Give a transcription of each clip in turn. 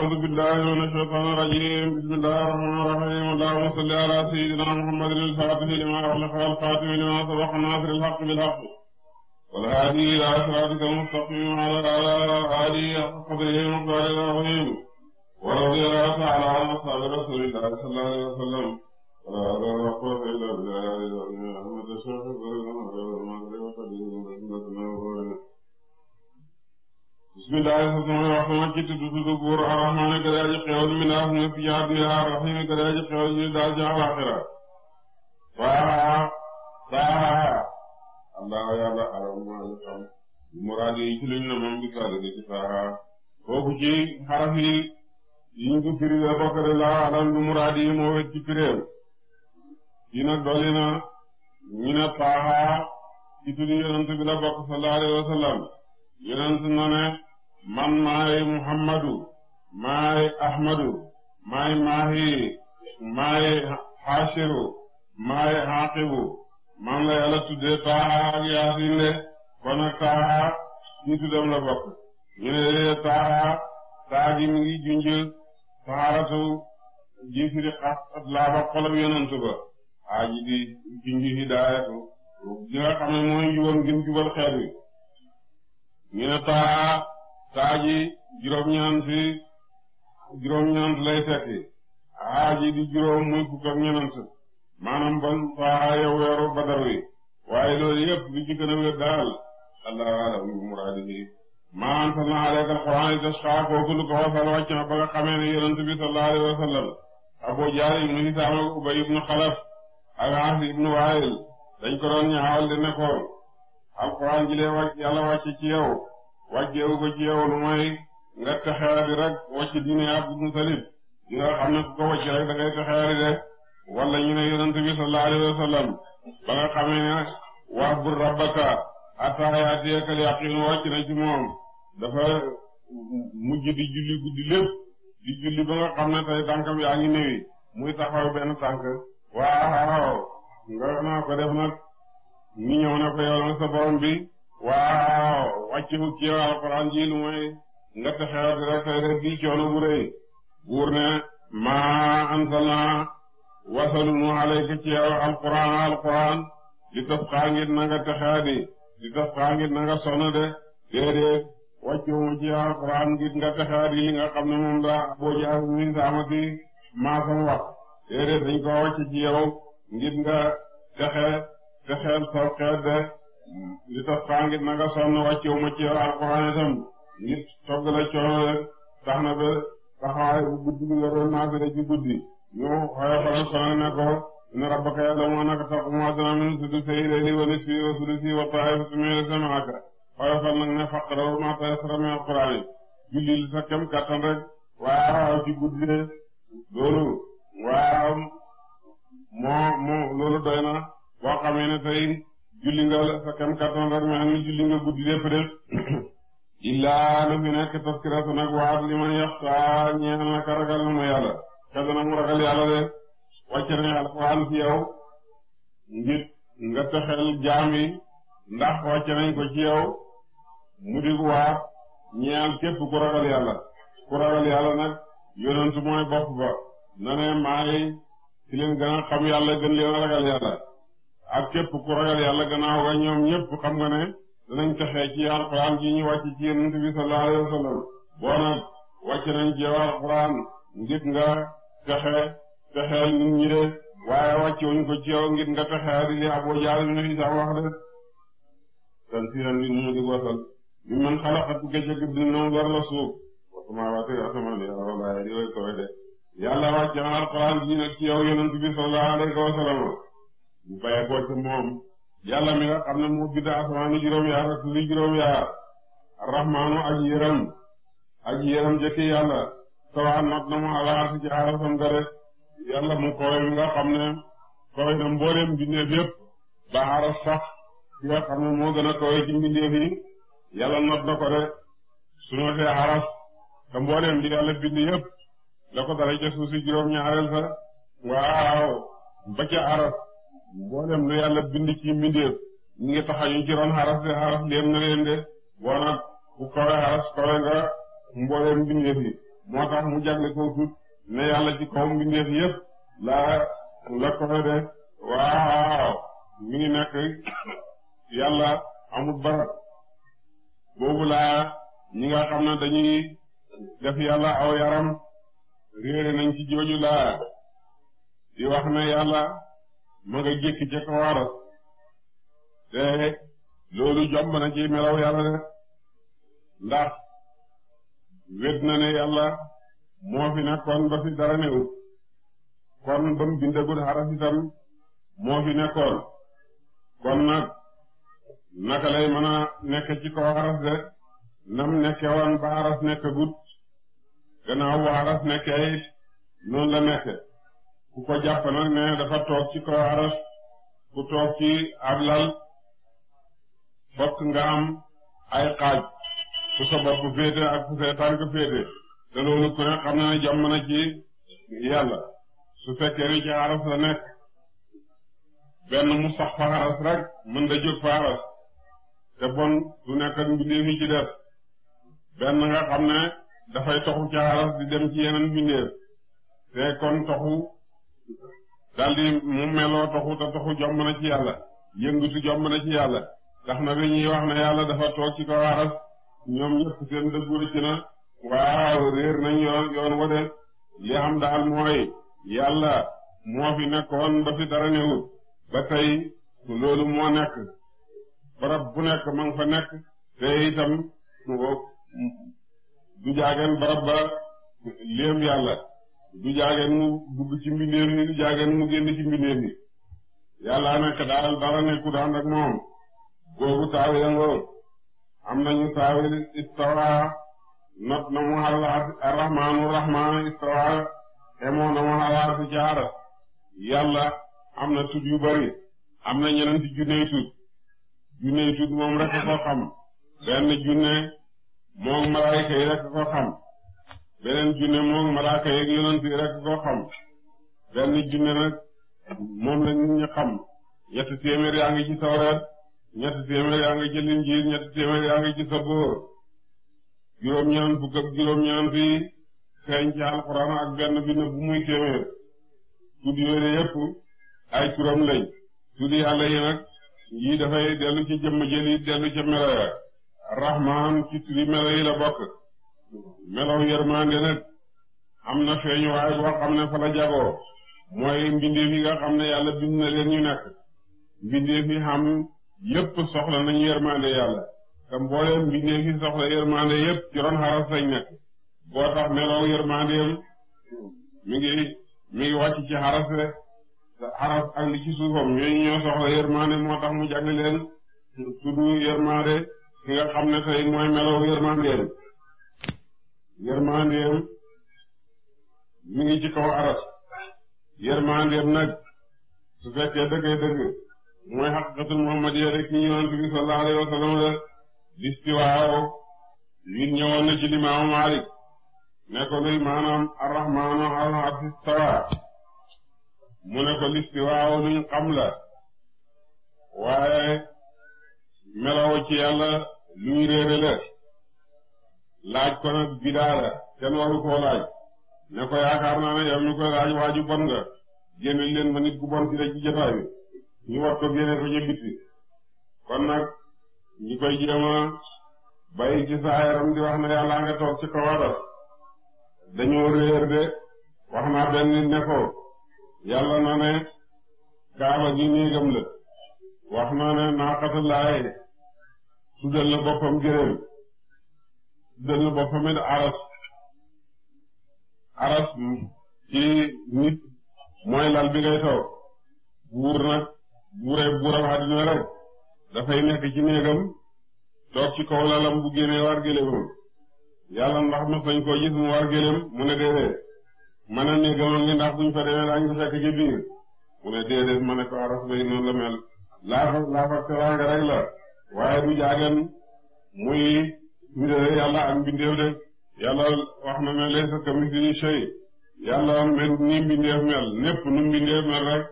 أعوذ بالله من الشيطان الرجيم بسم الله الرحمن الرحيم اللهم صل على سيدنا محمد الفاتح لما أغلق الخاتم لما سبق ناصر الحق بالحق والهادي إلى صراطك المستقيم على آله قدره ومقداره العظيم ورضي الله تعالى عن أصحاب رسول الله صلى الله عليه وسلم ولا حول ولا قوة إلا بالله العلي العظيم محمد الشيخ الغريب المغرب المغرب وقديم رحمة الله bismillahi rahmaani rahiim ci tuddu buur arrahmaani gadaaji xewal mi naa fi fi àddina arrahiim gadaaji xewal ñu daal ci àllaaxira waa saa allah yàlla alam ma ñu xam muraad yi ci luñ na moom bi saadigi ci saa foofu ci xaraf yi yiñ ko firi la bokk de laa alam lu muraad yi moo wet ci firéew ci nag dolli na ñu ne paaxaa ci tuddu yonent bi la bokk sallallahu alayhi wa sallam yonent na ne man maay muhammadu maay ahmadu maay maahi maay haasiru maay haaqibu man la yàlla tudde taaha ak yaasin le kon taaha ci tuddam la bokk ñu ne taaha taa gi mi ngi junj taharatu ji firi xas at laaba xolob yonantu ba aji di junj hidaayatu gi nga xam ne mooy njubam gim jubal xeet wi ñu ne taaha taaji juróom-ñeent fi juróom-ñeent lay tekki haaji di juróom muy fukk ak ñeent maanaam ban faa yow badar wi waaye loolu yëpp li ci gën a daal allahu alam bi muraadi bi maa anzalnaa alayka alquraan li tashqaa kooku lu ko wasal wàcc na ba nga xamee bi sallallahu alayhi wa sallam Abu Jahl Hisaam Ubay ibnu Xalaf ak Aas ibnu Waayil dañ ko doon ñaawal di ne ko alquraan ji lay wàcc yàlla ci yow wàjjeewu ko jeew lu mooy nga texeeri rek wàcc diine Abdul Mutalib di nga xam ne ku ko wàcc rek da ngay texeeri de wala ñu ne yonent bi sallallahu ba nga xamee ne wax bu rabbaka hatta yaatiyaka al-yaqiin wàcc na ci moom dafa mujj di julli guddi lépp di julli ba nga xam ne tey tànkam yaa ngi néewi muy taxaw benn tànk waaw nga naa ko def nag ñu ñëw na ko yow sa borom bi waaw wàcceeku ci yow alxuraan ji lu mooy nga texewa bi rek fay coono bu rëy buur ne maa anzalna wasalunu alayka ci yow alxuraan alxuraan li taf xaa ngir na nga texewa di li taf xaa ngir na nga sonn de déedéet wàcceeku ci yow alxuraan ngir nga texewa di li nga xam ne moom daa boo jaay min saamati maa sama wax déedéet dañ ko wàcce ci yow ngir nga texe texeel sa de li tax tàngit na nga sonn wàccew ma ci yow alxuraan itam nit togg la coono rek tax na ba taxawaay bu guddi bi nga doon naafila ci guddi ñu xoyofal sonal ne ko inna rabbaka ya'lamu annaka taqumu adna min sudusayil layli wa nisfihi wa sudusihi wa taa'ifatun min jamaa'ika xoyofal nag ne faqra'u ma tayassara min alxuraan yi jullil sa kem kattan rek waaw ci guddi loolu waaw moo moo loolu doy na boo xamee ne tey julli nga sa kem kattan rek mel ni julli nga guddi lépp de illaa lu fi nekk taskiratu nag waat li man yaxsaa ñeex na ka ragal na ma yàlla ka dana mu ragal yàlla de wàcce nañ alxuraan ci yow ngir nga texel jaam ndax wàcce nañ ko ci yow mu dig waat ñeel képp ku ragal yàlla ku ragal yàlla nag yonent mooy ba na ne maa ngi leen gën a xam yàlla gën leen ragal yàlla ak képp ku ragal yàlla gannaaw ga ñoom ñëpp xam nga ne danañ texee ci ci yonent bi ci ñi de ci yow ngir nga texee li Abu Jahl ci yow yonent bi sallallahu bu baye ko ci moom yàlla mi nga xam ne moo bind asamaanu juróom-yaar ak li juróom-yaar arrahmaanu aji yërëm aji yërëm jëkki yàlla sawa not na mu alaati ci arasam ga rek yàlla mu kowe mi nga xam ne kowe na mbooleem mbindeef yépp ba aras sax ci nga xam ne moo gën a kowe ci mbindeef yi yàlla not na ko rek su notee aras te mbooleem di yàlla bind yépp la ko dara ca suuf si ñaareel sa waaw ba ca aras mboolem lu yàlla bind ci mbindeef ñu ngi taxañu ci ron xaras de xaras léem na leen de wala ku kawe xaras kawe nga mboolem mbindeef yi moo tax mu jagle ko tut ne yàlla ci kaw mbindeef yépp la la kawe de waaw mi ngi nekk yàlla amul barab boobu laa ñi nga xam ne dañuy def yàlla aw yaram réere nañ ci jooju laa di wax ne yàlla ma nga jékki-jékki waara te loolu jomb na ci melaw yàlla de ndax wét na ne yàlla moo fi nekkoon ba fi dara newut kon ba mu bindagul xaraf itam moo fi nekkoon kon nag naka lay mën a nekk ci kaw xaraf de nam nekke woon ba xaraf nekkagut gannaaw bu xaraf nekkee it noonu la nekke ku ko jàpp nag ne dafa toog ci kaw aras ku toog ci ab lal fokk nga am ay xaaj ku sa bopp féete ak ku sa tànk féete te loolu ku ne xam na jàmm na ci yàlla su fekkee ne ci aras la nekk benn mu sax fa aras rek mën da jóg fa aras te bon du nekk ak yi ci def benn nga xam ne dafay toxu ci aras di dem ci yeneen mbindeef te kon toxu daldi mu meloo taxu te taxu jomb na ci yàlla yëngatu jomb na ci yàlla tax na bi ñuy wax ne yàlla dafa toog ci kaw ñoom ñëpp seen dëggu rëcc na waaw réer nañ yoon yoon wade li am daal mooy yàlla moo fi nekkoon ba fi dara newul ba tey loolu moo nekk barab bu nekk ma nga fa nekk te itam du jaageen barab ba léem yàlla du jaageen mu dugg ci mbindeef ni du jaageen mu génn ci mbindeef ni yàlla nekk daal dara nekkut ànd ak moom googu taawilan lool am nañu taawil istawa not na mu xalaat arrahmaanu na si jaara yàlla am na tut yu bari am na ñeneen ci junney tut junney tut moom rek ko xam benn junne moom malaayka yi rek ko xam beneen junne moom malaaka yeeg yonent yi rek xam benn junne nag moom la nit ñi xam ñetti téeméer yaa ngi ci tawreet ñetti téeméer yaa ngi ci linjiir ñetti téeméer yaa ngi ci saboor juróom-ñaan fukk ak juróom-ñaan fi feeñ ci alxuraan ak benn bi ne bu muy téeméer tudd yooyu yëpp ay turam lañ tudd yàlla yi nag yii dafay dellu ci jëmm jëli dellu ca melo ya rahmaan ci turi melo yi la bokk melaw yërmande nag am na feeñu waaye xam ne fa la jagoo mooy mbindeef yi nga xam ne yàlla bind na leen ñu nekk mbindeef yi xam yëpp soxla nañu yërmande yàlla te mbooleem mbindeef yi soxla yërmande yëpp ci xaras lañ nekk boo tax melaw yërmandeem mi ngi mi ngi wàcc ci xaras rek xaras ak li ci suufam ñooñu ñoo soxla yërmande moo tax mu jagle leen tudd yërmande ki nga xam ne tey mooy melaw yërmandeem yërmandeem mi ngi ci kaw aras yërmandeem nag su fekkee dëggee dëgg mooy xaqiqatul muhammadiyya rek ñu yonent bi sallallahu alayhi wa sallam la listiwaaw nit ñëwoon na ci limaamu Maalik ne luy maanaam arrahmaanu alal arsi stawaa mu ne ko listiwaaw xam la waaye melaw ci yàlla luñ réere la laaj ko nag bidaa kenn waru koo laaj ne ko yaakaar naa ne yow ñu koy laaj waaju bon nga génne leen ma nit ku bon ci la ci ñu war ko génne ko ca bitti kon nag ñi koy jéem a bay ci saa yaram di wax ne yàlla toog ci kawaadal dañoo réer de wax naa benn ne ko yàlla na ne kaaba gi néegam la wax naa ne naaqatu laay tuddal la boppam gërëm dana boppam it aras aras ci nit mooy lal bi ngay toog buur nag buuree buuram àddina rek dafay nekk ci néegam toog ci kaw lalam bu génnee war géléemam yàlla ndax mu war géléem mu ne ma ngi ndax buñ fa demee daañu ko fekk ci biir mu ne déedéet ma ne ko aras bay noonu la mel laafa laafa teraanga rek la waaye du jaagan muy mbindee yàlla ak mbindeef de yàlla wax na ne laysa kamithlihi shay yàlla mel ni mbindeef mel népp nu mbindeef mel rek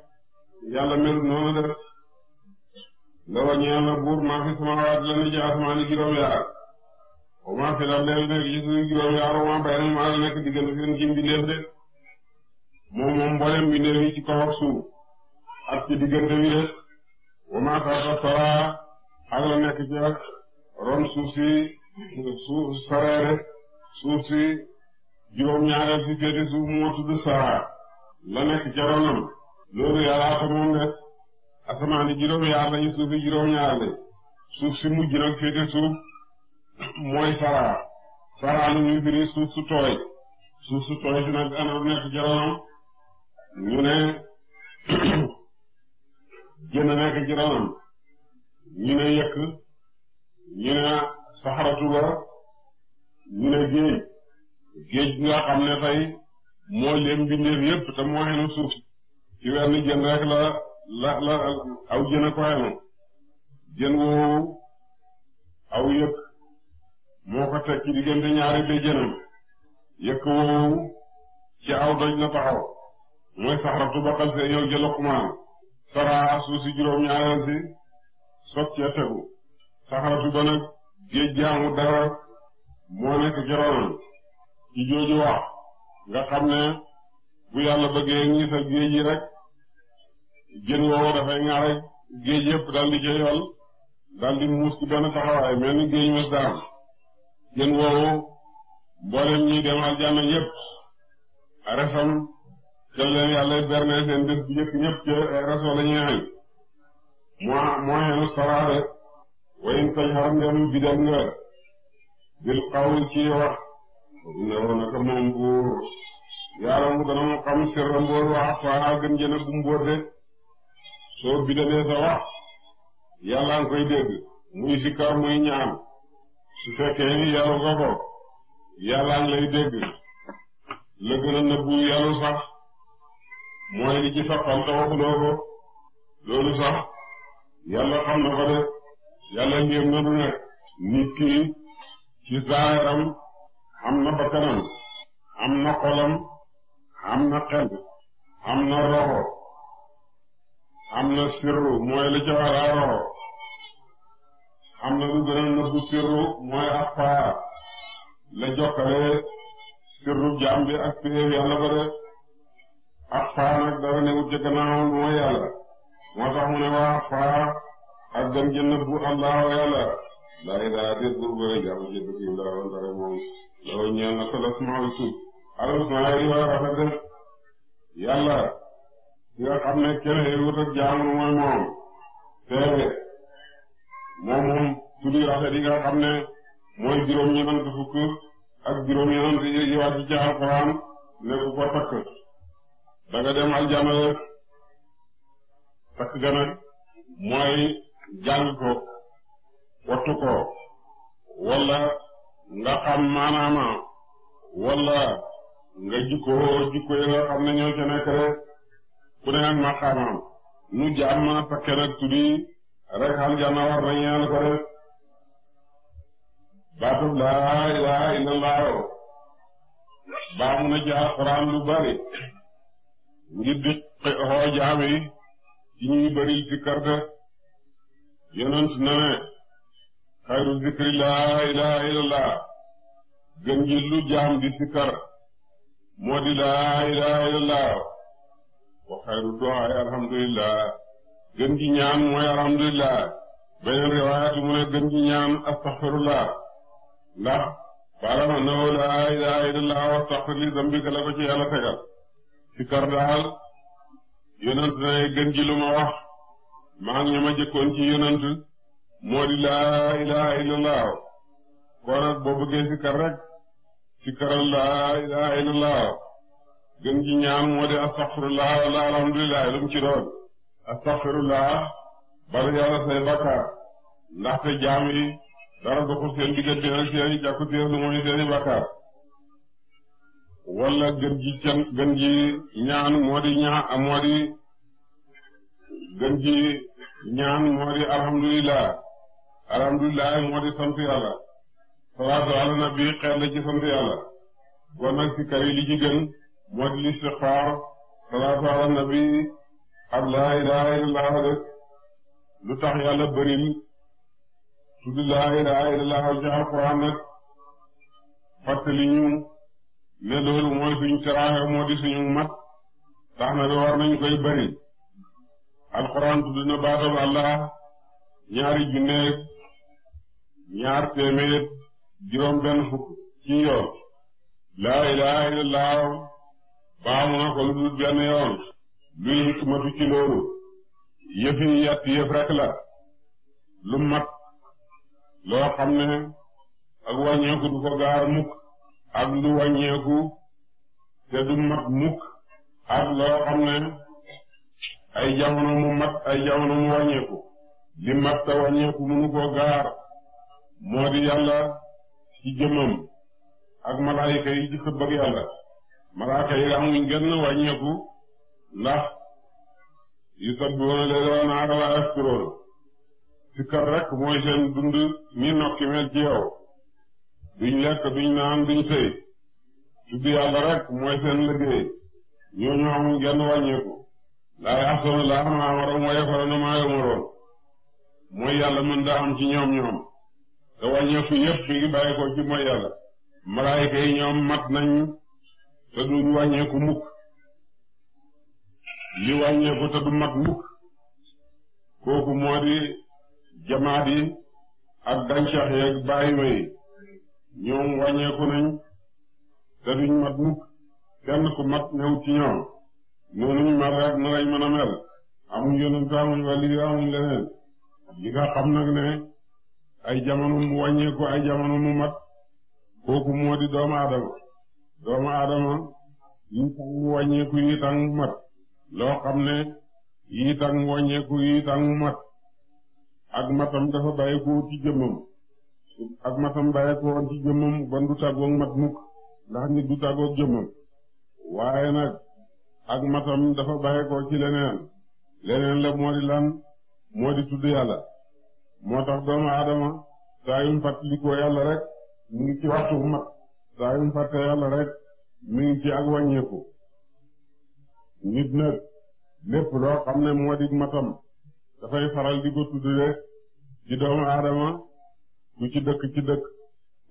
yàlla mel noonu de la wañeel na buur maa fi samaawaat la ne asmaani juróom-yaar wa fi la leen nekk ci suñu yaar wa maa bay na maa la nekk diggante ci mbindeef de moom moom mboolem mbindeef yi ci kaw suuf ak ci diggante bi de wa maa tax a ak la nekk ci ron suuf si suuf sareere suuf si juróom-ñaareel si féete suuf moo tudd sara la nekk jaronam loolu yàllaa ko moom de asamaan juróom-ñaar lañu suuf yi juróom-ñaar lañ suuf si mujj nag féete suuf mooy sara sara lu ñuy firi suuf su tooy suuf su tooy si nag ana nekk jaronam ñu ne jën nekk jaronam ñu ne yëkk ñu ne saxaratu ga ñu ne géej géej nga xam ne tey moo leen bindeef yépp te moo xenu suuf ci wenn jën rek la la la aw jën a ko xenu jën woowu aw yëkk moo ko teg ci diggante ñaari be jënam yëkk woowu ci aw doj la taxaw mooy saxaratu ba xal see yow jëlokumaan saraa suuf si juróom ñaareel si sot tegu saxaratu ba nag géej jaamu dara moo nekk jaroonam ci jooju wax nga xam ne bu yàlla bëggee ngisal géej yi rek jën woowu dafay ŋare géej yëpp daal di ca yool muus ci benn taxawaay mel ni géej mës daam jën woowu mboolem ñi dem aljanna yëpp resam ca yàlla berne seen bu njëkk ñëpp ca reso la ñuy xañ moo moo xeenu saraare wayin sañ xaram delu bidam nga bil xawli ci wax innahu naka moom buur yàlla mu dana mu xam sirra mbóor wax faa gën jëna bu mbóor de soo bidamee sa wax yàlla nga koy dégg muy sikka muy ñaan su fekkee ni yàlla ko lay dégg la gën a nëbbu yàlla sax mooy li ci saxal te waxuloo ko loolu sax yàlla xam na ko de yàlla ngir nanu ne nit ki ci zaahiram na bakkanam am na xolam am na xel am na roxo am na sirru mooy li jawaraa roxo am na lu gën a nëbbu sirru mooy axfaa la jokkale sirru jaam ak péew yàlla ba de axfaa dara newut ca gannaawam mooy yàlla moo tax mu ne waa axfaa ak dem jënd bu allahu yàlla laa ilaaha déet buur bu rëy am jënd bi laa woon dara moom loolu ñeel na ko las maal suuf alal saa yi waa rafet de yàlla ki nga xam ne keneen wut ak jaamu mooy moom teewe moom moom tuddi rafet yi nga xam ne mooy juróom-ñeent fukk ak juróom-ñeent yi wàcc ci alxuraan ne ku ko takk da nga dem aljana takk ga nag mooy jàng ko wattu ko wala nga xam maanaama wala nga jikkoo jikko yi xam ne ñoo ca nekk rek ku ne ak maqaamaam nu jàmm takke nag tuddi rek aljanna war na ñeel ko rek baatub laa ilaaha illallah baa mun a jaar xuraan lu bari ngir di xoo jaam ci ñuy bari ci kër yonent na ne xayru zikri laa ilaha illallah gën lu jaam di sikkar moo di laa ilaha illallah wa xayru du'aay alhamdulillah gën ñaan mooy alhamdulillah beneen riwaayaat mu ne gën ñaan astaxfirullah ndax baalama na woo laa ilaha illallah wa astaxfir zambika la ko ci yàlla tegal sikkar daal yonent na ne lu ma wax maa ngi ñama jëkkoon ci yonant moo di laa ilaha illallah kon boo bëggee sikkar rek sikkaral laa ilaha illallah gën ci ñaan moo di astaghfirullah wala alhamdulillah lu mu ci doon astaghfirullah bala yàlla say bakkaar ndaxte jaam yi dara doxul seen diggante ak seeni jàkku teef lu mooy seeni bakkaar wala gën ji gën ji ñaan moo di ñaa moo di gën ji ñaan moo di alhamdulilah alhamdulilah moo di sant yàlla salaatu la ci sant yàlla kon nag si kari li ci gën moo di listixfaar salaatu ala nabi ak laa ilaha illallah def lu tax yàlla bëril tudd laa ilaha illallah ci alquran nag fàttali ñu ne loolu mooy suñu teraaxe moo di suñu mat tax na bi war nañu koy bëri alxuraan tudd na baatab allah ñaari junneeg ñaar téeméer juróom benn fukk ci yoon laa ilaha illallah baamu na ko lu dul benn yoon luy hikmatu ci loolu yëfi yett yëf rek la lu mat loo xam ne ak wàññeeku du ko gaar mukk ak lu wàññeeku te du mat mukk ak loo xam ne ay jamono mu mat ay jamono mu wàññeeku li mat te wàññeeku mënu koo gaar moo di yàlla ci jëmmam ak malaayika yi ci xëbb yàlla malaayika yi amuñ genn wàññeeku ndax yusabbihuuna layla wan nahaara laa yafturuun sikkar rek mooy seen dund ni nokki mel ci yow duñ lekk duñ naan duñ sëy tudd yàlla rek mooy seen liggéey ñooñu amuñ genn wàññeeku laa yaxsanu laaha maa amaroom wa yafaluuna maa yu'maruun mooy yàlla mën daa am ci ñoom ñoom te wàññeeku yëpp mi ngi bàyyi ko ci mooy yàlla malaayika yi ñoom mat nañ te duñu wàññeeku mukk li wàññeeku te du mat mukk kooku moo di jamaat yi ak gàncax yeeg bàyyi ma ñoom wàññeeku nañ te duñ mat mukk kenn ku mat ñëw ci ñoom noonu ñu mel rek na lañ mën mel amuñ yonent amuñ waliyu amuñ leneen li nga xam nag ne ay jamono mu wàññeeku ay jamono mu mat kooku moo di doomu aadama doomu aadama yi tàng mu wàññeeku yi tàng mu mat ak matam dafa bàyyikoo ci jëmmam ak matam bàyyikoo ci jëmmam ban du tàggoog mat mukk ndax nit du tàggoog jëmmam waaye nag ak matam dafa bàyyi ko ci leneen leneen la moo di lan moo di tudd yàlla moo tax doomu aadama saa yu mu fàttalikoo yàlla rek mu ngi ci waxtu mat saa yu ngi ci lépp loo xam ne moo di matam dafay faral di ko tudd rek ci doomu aadama ku ci dëkk ci dëkk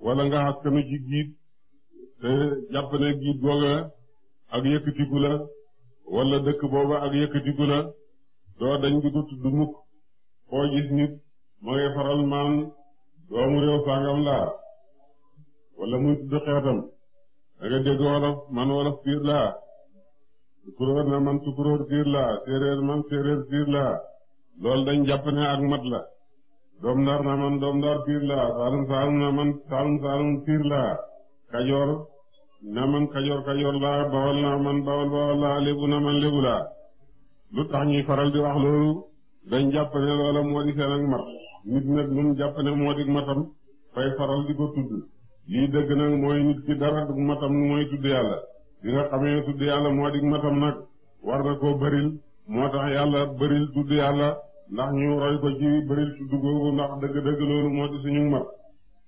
wala nga xas kanu ci giit te jàpp ne giit googa ak yëkkatiku la wala dëkk booba ak yëkkatiku la doo dañ di ko tudd mukk foo gis nit ma ngay faral maan doomu réew sangam laa wala muy tudd xeetam dégg wolof man wolof piir laa tukuróor na man tukuróor piir laa séeréer man séeréer piir laa loolu dañ jàpp ne ak mat la doom ndar na man doom ndar piir laa saalum saalum na man saalum saalum piir laa kajoor na man kajoor kajoor laa bawal na man bawal bawal laa lébu na man lébu laa lu tax ñuy faral di wax loolu dañ jàpp ne loola moo di seen ak mat nit nag ñun jàpp ne moo di matam fay faral di ko tudd lii dëgg nag mooy nit ki dara du matam mooy tudd yàlla bi nga xamee tudd yàlla moo di matam nag war nga koo bëril moo tax yàlla bëril tudd yàlla ndax ñu roy ko ci bëril tudd googu ndax dëgg-dëgg loolu moo di suñu mat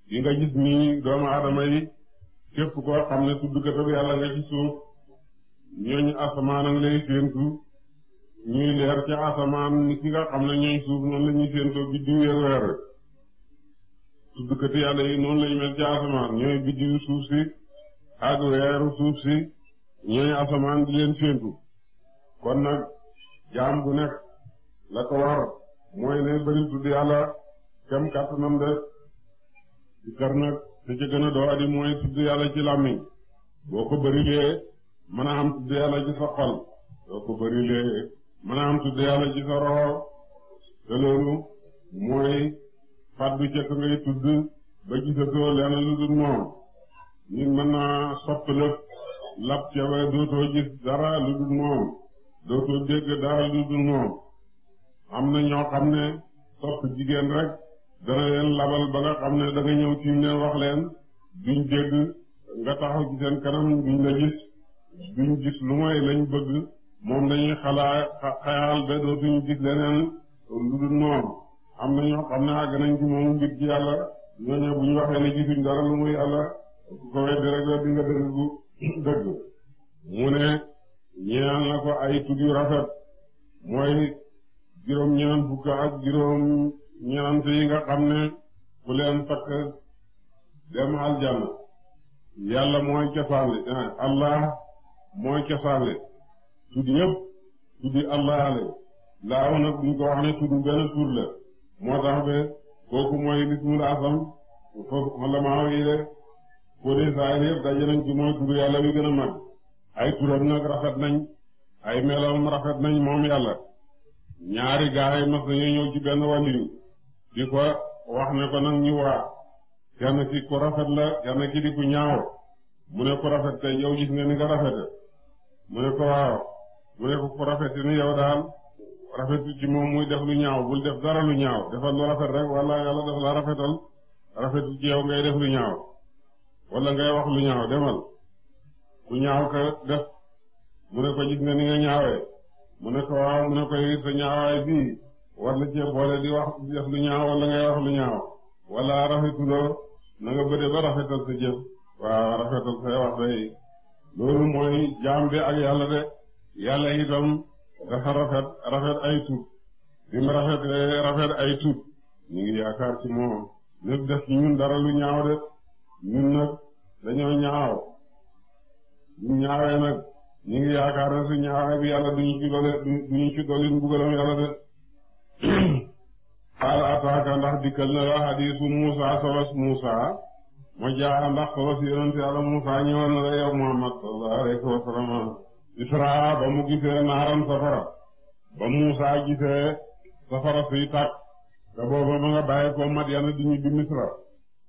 yi nga gis nii doomu aadama képp koo xam ne tuddkatub yàlla nga ci suuf ñooñu asamaan ak lay séentu ñuy leer ci asamaan ni ki nga xam ne ñooñ suuf noonu la ñuy séentoo biddiw yeeg weer tuddkati yàlla yi noonu lañu mel ci asamaan ñooy biddiw suuf si ak weeru suuf si ñooy asamaan di leen séentu kon nag jaam bu nekk la ko war mooy ne bari tudd yàlla kem kàttanam de di kër nag te ci gën doo adi mooy tudd yàlla ci làmmiñ boo ko bërilee mën a am tudd yàlla ci sa xol boo ko bërilee mën a am tudd yàlla ci sa roxo te loolu mooy fàddu ca ka tudd ba gisatoo lenn lu dul moom nit mën naa sopp lépp lab ca ba dootoo gis dara lu dul moom dootoo dégg dara lu dul moom am na ñoo xam ne sopp jigéen rek dana leen labal ba nga xam ne da nga ñëw tiim leen wax leen duñ dégg nga taxaw ci kanam duñ la gis duñ gis lu mooy lañ bëgg moom lañuy xalaa xayal ba dootuñu gis leneen lu dul noonu am na xam ne àgg nañ ci moom ngir ci yàlla ñooñu bu ñu waxee ne gisuñ dara lu muy yàlla ku ko la di nga dëgg bu dëgg mu ne ñeel na ko ay tudd yu rafet mooy juróom-ñeent fukk ak juróom ñenant yi nga xam ne ku leen takk dem aljanna yàlla mooy cosaan li ah, allah mooy cosaan li tudd yëpp tuddi allah la laaw nag duñ ko wax ne tudd gën a tuur la moo tax be kooku mooy lismul asam foofu xalamaaw yi de kóode saa yëpp daje nañ ci mooy tudd yàlla wi gën mag ay turam nag rafet nañ ay meloom rafet nañ moom yàlla ñaari gaay mas nañu ñëw ci benn wàlliyu di ko wax ne ko nag ñu waa kenn ki ku rafet la kenn ki di ku ñaaw mu ne ku rafet tey yow gis nga ni nga rafete mu ne ko waaw mu ne ko ku rafete ni yow daal rafetu ci moom muy def lu ñaaw bul def dara lu ñaaw defal lu rafet rek wala yàlla def la rafetal rafetu ci yow ngay def lu ñaaw wala ngay wax lu ñaaw demal ku ñaaw ka def mu ne ko gis nga ni nga ñaawee mu ne ko waaw mu ne ko it sa ñaawaay bii war na cee boole di wax di lu ñaaw wala ngay wax lu ñaaw wala rafetuloo na nga bëre ba rafetal sa jëf waaw rafetal say wax day loolu mooy jaam bi ak yàlla de yàlla itam dafa rafet rafet ay tuub bi mu rafetee rafet ay tuub ñu ngi yaakaar ci moom lépp def ci ñun dara lu ñaaw de ñun nag dañoo ñaaw ñu ñaawee nag ñu ngi yaakaar ne su ñaawee bi yàlla duñu ci ci dolli mbugalam yàlla de xaala ndax dikkal na la xadiisu muusa solos muusa ma jaaxa ndax solos yonente yàlla muusa ñëwoon na la yow muhammad sallallahu alayhi wa sallam isra ba mu gisee naaran safara ba muusa gisee safara suy tàkk te booba ma nga bàyyi ko Madyana di ñibbi misra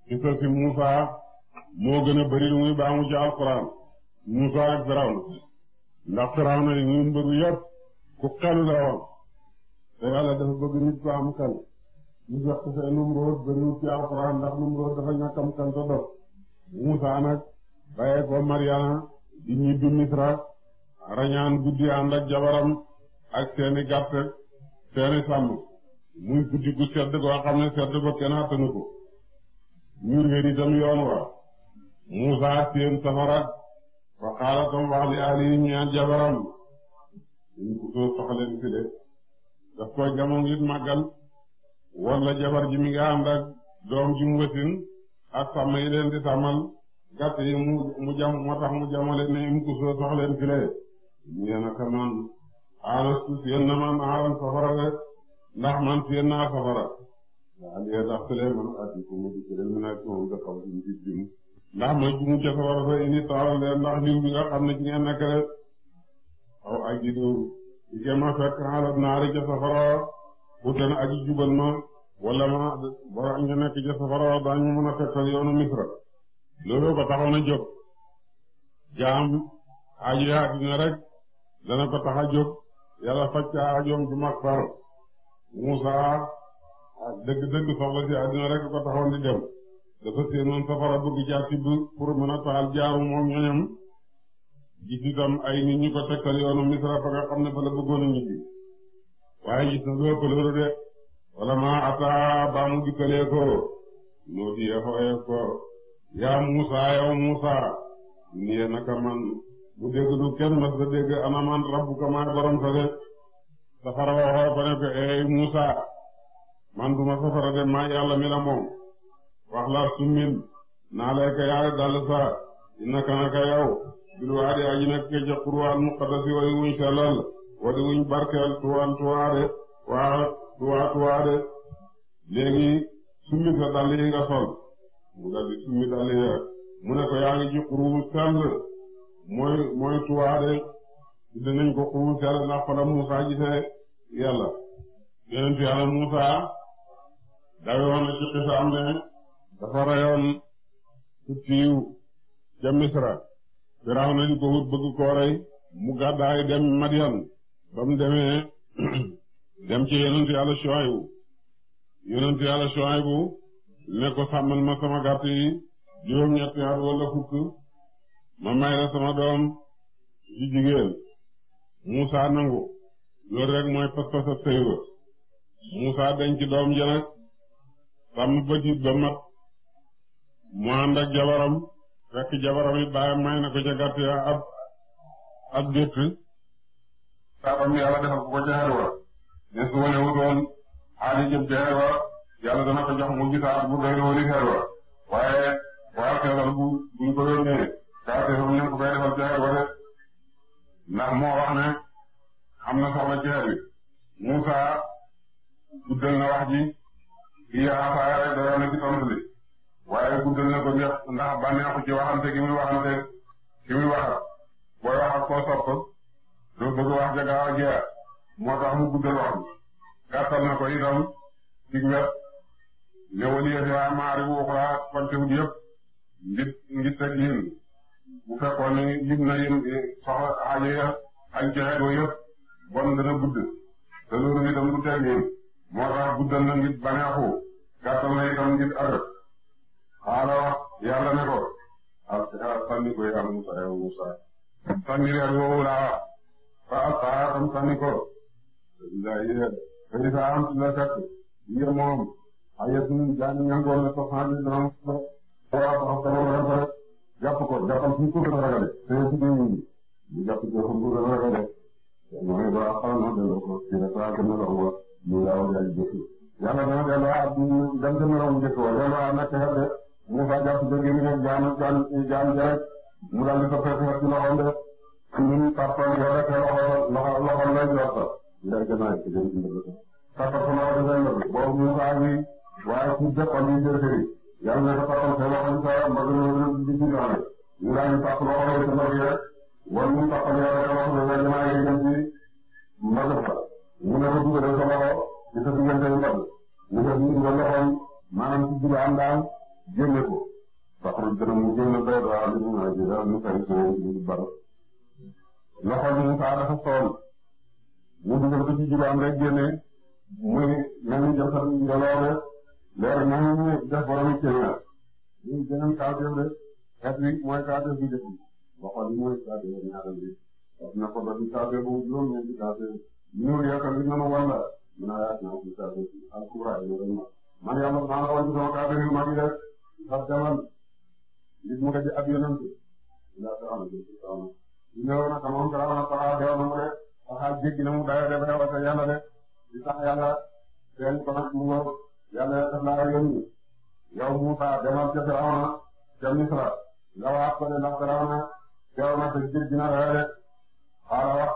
gisa si muusa moo gën a bëri muy baamu ci alquran muusa ak firawna ndax firawna li muy mbëru yépp ku xelu la te yàlla dafa bëgg nit ko am xel ñu jox ko fee Numruud bëriwul ci Alxuraan ndax Numruud dafa ñàkk am xel te dof nag bàyyee ko Madyana di ñibbi Misra rañaan guddi ànd ak jabaram ak seeni gàtt seeni sàmm muy guddi gu sedd goo xam ne sedd ba kenn àttanu ko ñu réer itam yoon wa Muusaa seen safara fa xaalatam wax li ahli ñaan jabaram ñu ko soxleen fi daf koy gamoo ngir màggal wala jabar ji mi nga ànd doom ji mu wësin ak sàmm yi leen di sàmmal gàtt yi mu mu jam mu jamale ne im kusoo sax leen filee ñeen aka man aanastu fiyen na safara we ndax man fiyen naa safara ndax man addi ko naa ci moom da xaw si njiit safara fa ini taal leen ndax liw bi nga xam ne ci rek aw aji dooru li ca ma fekk naari ca safara bu dana aji jubal ma wala ma borom ñu nekk ca safara daañu mën a fekkal yoonu misra loolu ko taxoon a jóg jaam aju yaadina rek dana ko tax a jóg yàlla faj ca ajoom ju mag far Muusaa dëgg-dëgg soxla si àddina rek ko taxoon di dem dafa séenoon safara dugg jaar ci pour mën a taal jaaru moom ñoñam gis itam ay nit ñu ko tegtal yoonu misra fa nga xam ne fa la bëggoon a ñibbi waaye gis na lu ëpp loolu de wala maa ataa ba mu dikkalee ko noo di xooye ko yaa Musa yow Musa nii naka man bu dégg lu kenn mas la dégg ana man rabbuka maay borom sa de safara waxoo ko ne ko ey Musa man duma safara de maa yàlla mi la moom wax la summin naa lay ka yaay dal sa innaka naka yow bil waadi aji nekk ca qur'aan muqaddasi way wuñ sellal wadi wuñ barkeel tuwaan tuwaade waa tuwaa tuwaade léegi summi sa dàll yi nga sol mu daldi summi dàll yi mu ne ko yaa ngi ci qur'u sell mooy mooy tuwaade dinañ ko qur'u sell ndax fa la Muusaa gisee yàlla yonent yàlla Muusaa dawewoon na ci xisaam ne dafa reyoon tukkiw ca Misra Firawna di ko wut bëgg koo mu gàddaay dem Madyan ba mu demee dem ci yonent Yàlla Shuaybu yonent Yàlla Shuaybu ne ko sàmmal ma sama gàtt yi juróom ñetti at wala fukk ma may la sama doom ci jigéen Muusa nangu loolu rek mooy pas-pas ak sëy ba Muusa denc doom ja sàmm ba ci ba mat mu ànd jabaram fekk jabaram it baayam may na ko ca gàtt ab gétt saafam yàlla defal ko ko wa ne su wane wutoon xaali jëm ca xel wa yàlla dana ko jox mu gisaat bu doy wali xel wa waaye waa xelal bu buñ ko yónnee kaatefam nen ko defal ca wa de ndax moo wax ne am na soxla ci xel bi Musa guddal na wax ji li yaa xaaya rek doyoon na ci tontu li waaye guddal na ko ndax ndax ci waxante gi waxante gi muy booy wax ak sopp doo bëgg wax ja gaaw a jeex moo tax mu guddal wax gàttal na ko itam cig wet ne waliya fi haa maari bu uxraa kontewut yëpp ngit ngit bu fekkoon ne na yéen eh, soxla aajo yëpp bon dana gudd te loolu itam du teg yéen moo tax guddal na ngit bànneexu gàttal na itam ngit adab alo yàlla ne ko sànni ko yaa Musa yaa Musa sànni leen woowu laa fa alqaa tam ko la fekk yéen moom hayatun jaani na soxna bi dana ko waaw sama ragal jàpp ko jàppal suñ ko gën a ragale te su dee ñu ñu jàpp ko ko gën a ragale mooy na delloo ko mu fa jàpp dëgg mu ne jaam jaam jaam jaam mu daal di ko fekk ci loxoom de ñun papa yoo rek loxo loxo loxoom lay jot ko. ndax gannaaw yi ci biir dund ko. papa sama wàllu benn bi boobu mu faa ngi waaye su dëkkoon bi jëfee yàlla na ko papa te loxoom sa mbagg ñu di ci joxe ñu daal di papa loxo lay sama bi rek wala ñun papa yoo rek loxo bi rek gannaaw yi jëm ci mbagg fa mu ne ko dugal sa loxo di sa diggante mbagg mu def ñu dugal loxoom maanaam ci biir am daal génne ko taxul dana mu génne béy ba am na ñu daal ñu koy ñu bari loxo bi Musaa dafa soon ñu dugal ko ci jubaam rek génne muy mel ni jël sa njëloore leer na ñu def borom ceeña ñu gënoon kaateef rek xet wi mooy kaateef bi def loxo bi mooy kaateef ñaareel bi parce que na ko doon kaateef bu juróom-ñeenti kaateef ñuul yaakaar bi noonu wala mën naa yaakaar naa ko kaateef alkuura yi man yàlla naa la woon ci sama kaateef yu mag yi rek parce que man gis nga ko ab yonent ndax ñu ne woon nag moom gannaaw na saxaar deewoon na mu ne saxaar mu dayoo de ba yow ak yàlla de di tax yàlla seen ko nag mu ngoog yàlla def naa yónni ca Firawna ca Misra nga waat ko ne ndax Firawna deew na te jéggi na dayoo de xaaral wax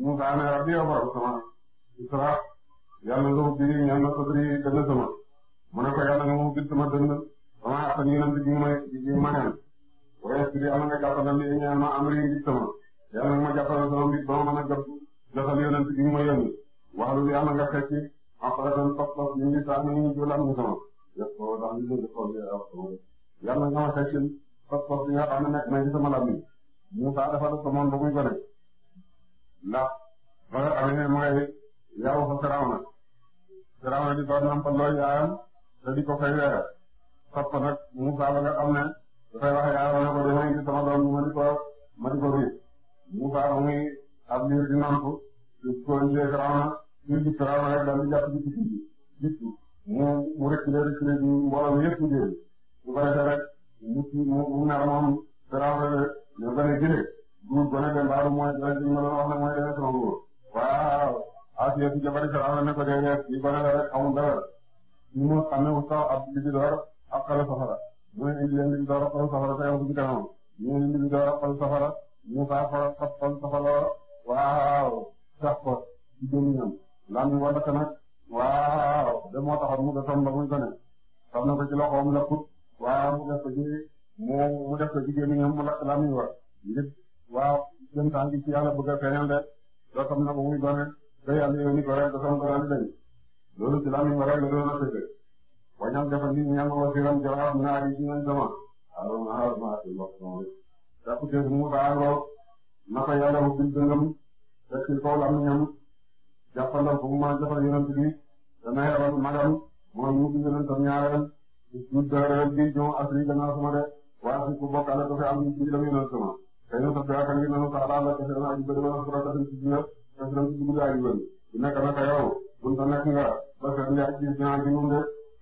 Moussa ne rabbi yow nga ubbi ñaan na sabri dënn sama mu ne ko nga mu ubbi sama dënn waaw ak yonent bi ma bi ma neen waaye si yàlla nga jàppandal li am réer yi sama yàlla nga ma jàppandal sama mbir ba ma mën a jot jotal yonent bi ma yónni wax lu yàlla nga fekk en toog toog ñu ngi saa ñu ngi jël am sama yëpp ngi ko xool yàlla nga ma fekk toog toog bi nga xam ne nekk ba nga xam ne mooy yàlla fa di doon nampal looy yaayam te di ko fay weer. topp nag Moussa ba nga xam ne dafay wax yàlla ne ko damay indi sama doom ma di ko ma di ko wér Moussa ba muy ab liir di namp di ko indee Firawna suy gis Firawna rek daal di jàpp di ci gis mu mu rëcc leen rëcc leen mbooloo mi yëpp ñu déglu su ko defee rek mu mu mer moom Firawna rek ñoo gën a jëlee duul gën a dem baalu mooy dara ci ñu ma doon wax ne mooy dana sama nguur waaw Asiya si jabari Firawna ne ko déedéet ñu gën a rek amul dara ñu xam ne wu taw ab libi door ak xale safara mu ne indi leen di door a xol safara te yow ci kanam ñu indi di door a xol safara Musaa xol saf xol safara waaw sax ko ci gémmiñam lan moo dakk nag waaw de moo taxoon mu desoon ba muy gone saf na ko ci loxoom lakkut waaw mu def ko ci mu mu def ko ci gémmiñam mu lakk lan yu war ngir waaw jëm tànk ci yàlla bëgg a feeñal de doo tam na ko muy gone te yàlla yow ni ko rek doo tam ko daal di dañ loolu ci lan yu war rek la doon a tëgg wañal defal nit ña nga ko gërëm jëlaat naa di ci ñoom sama alors maa xam maa fi mbokk moom it. dafa gis mu baaxoo naka yàlla mu fi dëngam fekk ci kaw la am ñam jàppandal ko mu ma jëfal yonent bi dana yabal magam mooy mu fi yonentam ñaareel ñu dërël bi ñëw asri gannaaw sama de waaye fi ku bokkale am ñu fi dem yonent sama. te yonent bi ak ngi noonu sax daal la kese naa ji bëri ji bëri. nekk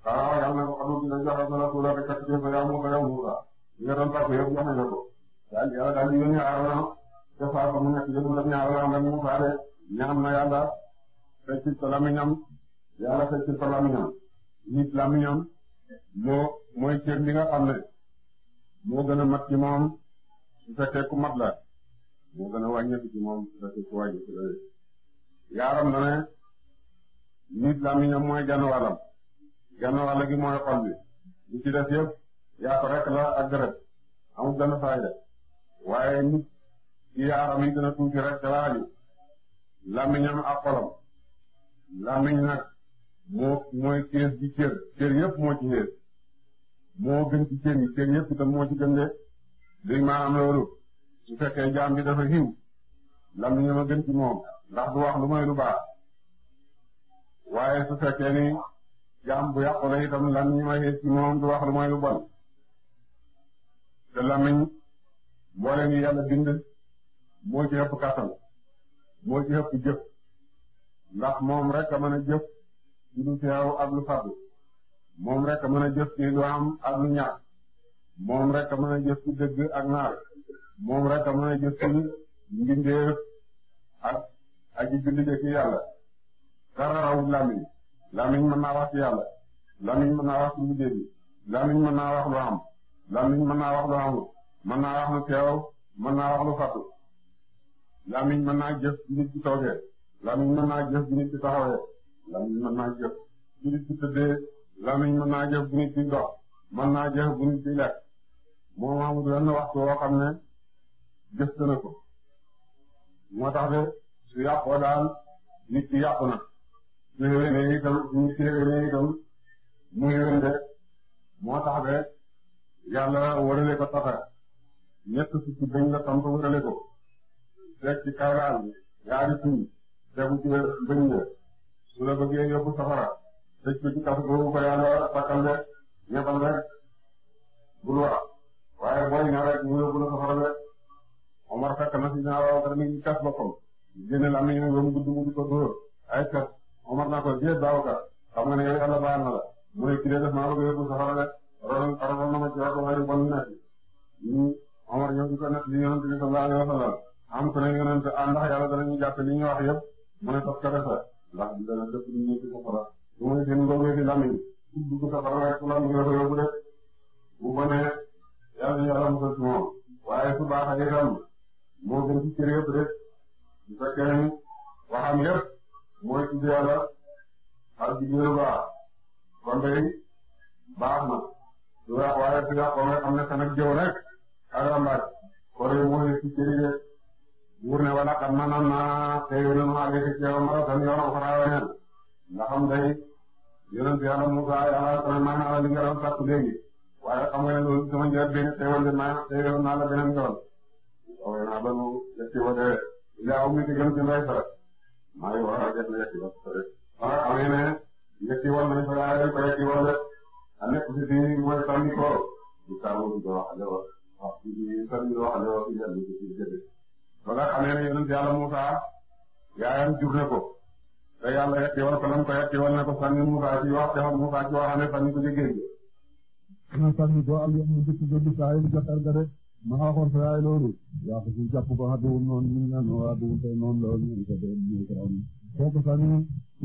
ah yàlla na ko xamul dina joxe sa rasul ak kat bi ba yàlla mu ba yàlla mu wura li nga doon fàtte yëpp jox nañ la ko daal yàlla daal di yónni Arouna te faa ba mu nekk yëpp daf ñu Arouna am rek mu faale ñaan na yàlla feccil ko lamiñam yàlla feccil ko lamiñam nit lamiñam moo mooy cër bi nga xam ne moo gën a mat ci moom su fekkee ku mat la moo gën a wàññeeku ci moom su fekkee ku wàññeeku la yaaram na ne nit lamiñam mooy genn wàllam genn wàll gi mooy xol bi li ci def yëpp yàpp rek la ak deret amul benn faayda waaye nit ki yaaram yi dina tuuti rek ca laaju làmmiñam ak xolam làmmiñ nag moo mooy kees gi cër cër yëpp moo ci xees moo gën ci cër yi cër yëpp itam moo ci gën de luy maanaam loolu su fekkee jaam bi dafa xiw làmmiñam a gën ci moom ndax du wax lu may lu baax waaye su fekkee ni jaam bu yàqu itam lamiñ ma yées ci moom du wax lu mooy bon te lamiñ mboolem yi yàlla bind moo ci ëpp kàttan moo ci ëpp jëf ndax moom rek a mën a jëf ci lu teew ak lu faddu moom rek a mën a jëf ci lu am ak lu moom rek a mën a jëf ci dëgg ak naar moom jëf ci yàlla dara lamiñ lamiñ mën naa wax ci yàlla lamiñ mën naa wax mën naa wax lu am lamiñ mën naa wax lu amul mën naa wax lu teew mën naa wax lu fattu lamiñ mën naa jëf nit ci toogee lamiñ mën naa jëf nit ci taxawee lamiñ mën naa jëf nit ci tëddee lamiñ mën naa jëf nit ci dox mën naa jëf nit ci lekk moom amul benn waxtu woo xam ne jëf na ko moo tax de su yàqoo daal nit ci yàqu na su yéwénee itam suñu si yéwénee itam mu yéwén de moo tax ba yàlla wërale ko safara ñett fukki bañ la samp wërale ko teg ci kawlaal bi ñaari tuñ tegu ci bañ la su la bëggee yóbbu safara tëj ko ci kaso boobu ko yàlla takkal de ñebal rek bul waaye booy ña rek mu yóbbu la safara de Omar fekk na si ñaaraaw te ni kas boppam génne la amee ñoom gudd mu ay kas Omar na ko jéem daaw ka xam nga ne yow yàlla baal na la mu ne kii def maa bëgg yóbbu safara li wa sallam am ku ne yonent ah ndax yàlla rek lan nga ko yóbbu de waaye su baaxee itam moo gën ci kër yëpp de bu fekkee waxam yëpp mooy tudd yàlla ak di gërëm baax kon tey baax na lu baax waaye fi nga xam ne tamit jëw rek ak rambaaj kore mooy ci cëri buur ne wala xam na nan naa te yónent maa ngi fi mara tan yoon ko xaawa neen nga xam tey yónent yàlla Musaa yàlla sama naa la li nga doon sàkk léegi waaye xam nga ne loolu sama njëriñ benn teewal naa la beneen yoon waaye naa ba nu def wa dee ilaa aw mi te gën ci maa ngi wax a yàlla yàq yi wax dëgg waaw xam ngeen ne yàq yi wax ko daal yàq yi wax dëgg à nekk ci biir mooy sànni ko du sànni du ko wax ak yow yaayam jur na ko te yàlla yàq yi war ko lan ko na ko sànni Moussa ci wax dafa Moussa ci waxane sànni ko ci géej gi. xanaa sànni boo am yoon mu dëkk ma waxoon sa yaay loolu yaa ko ci jàpp ba aduwum noonu ñu naan waa aduwum tey noonu loolu ñu ngi ko doon ñu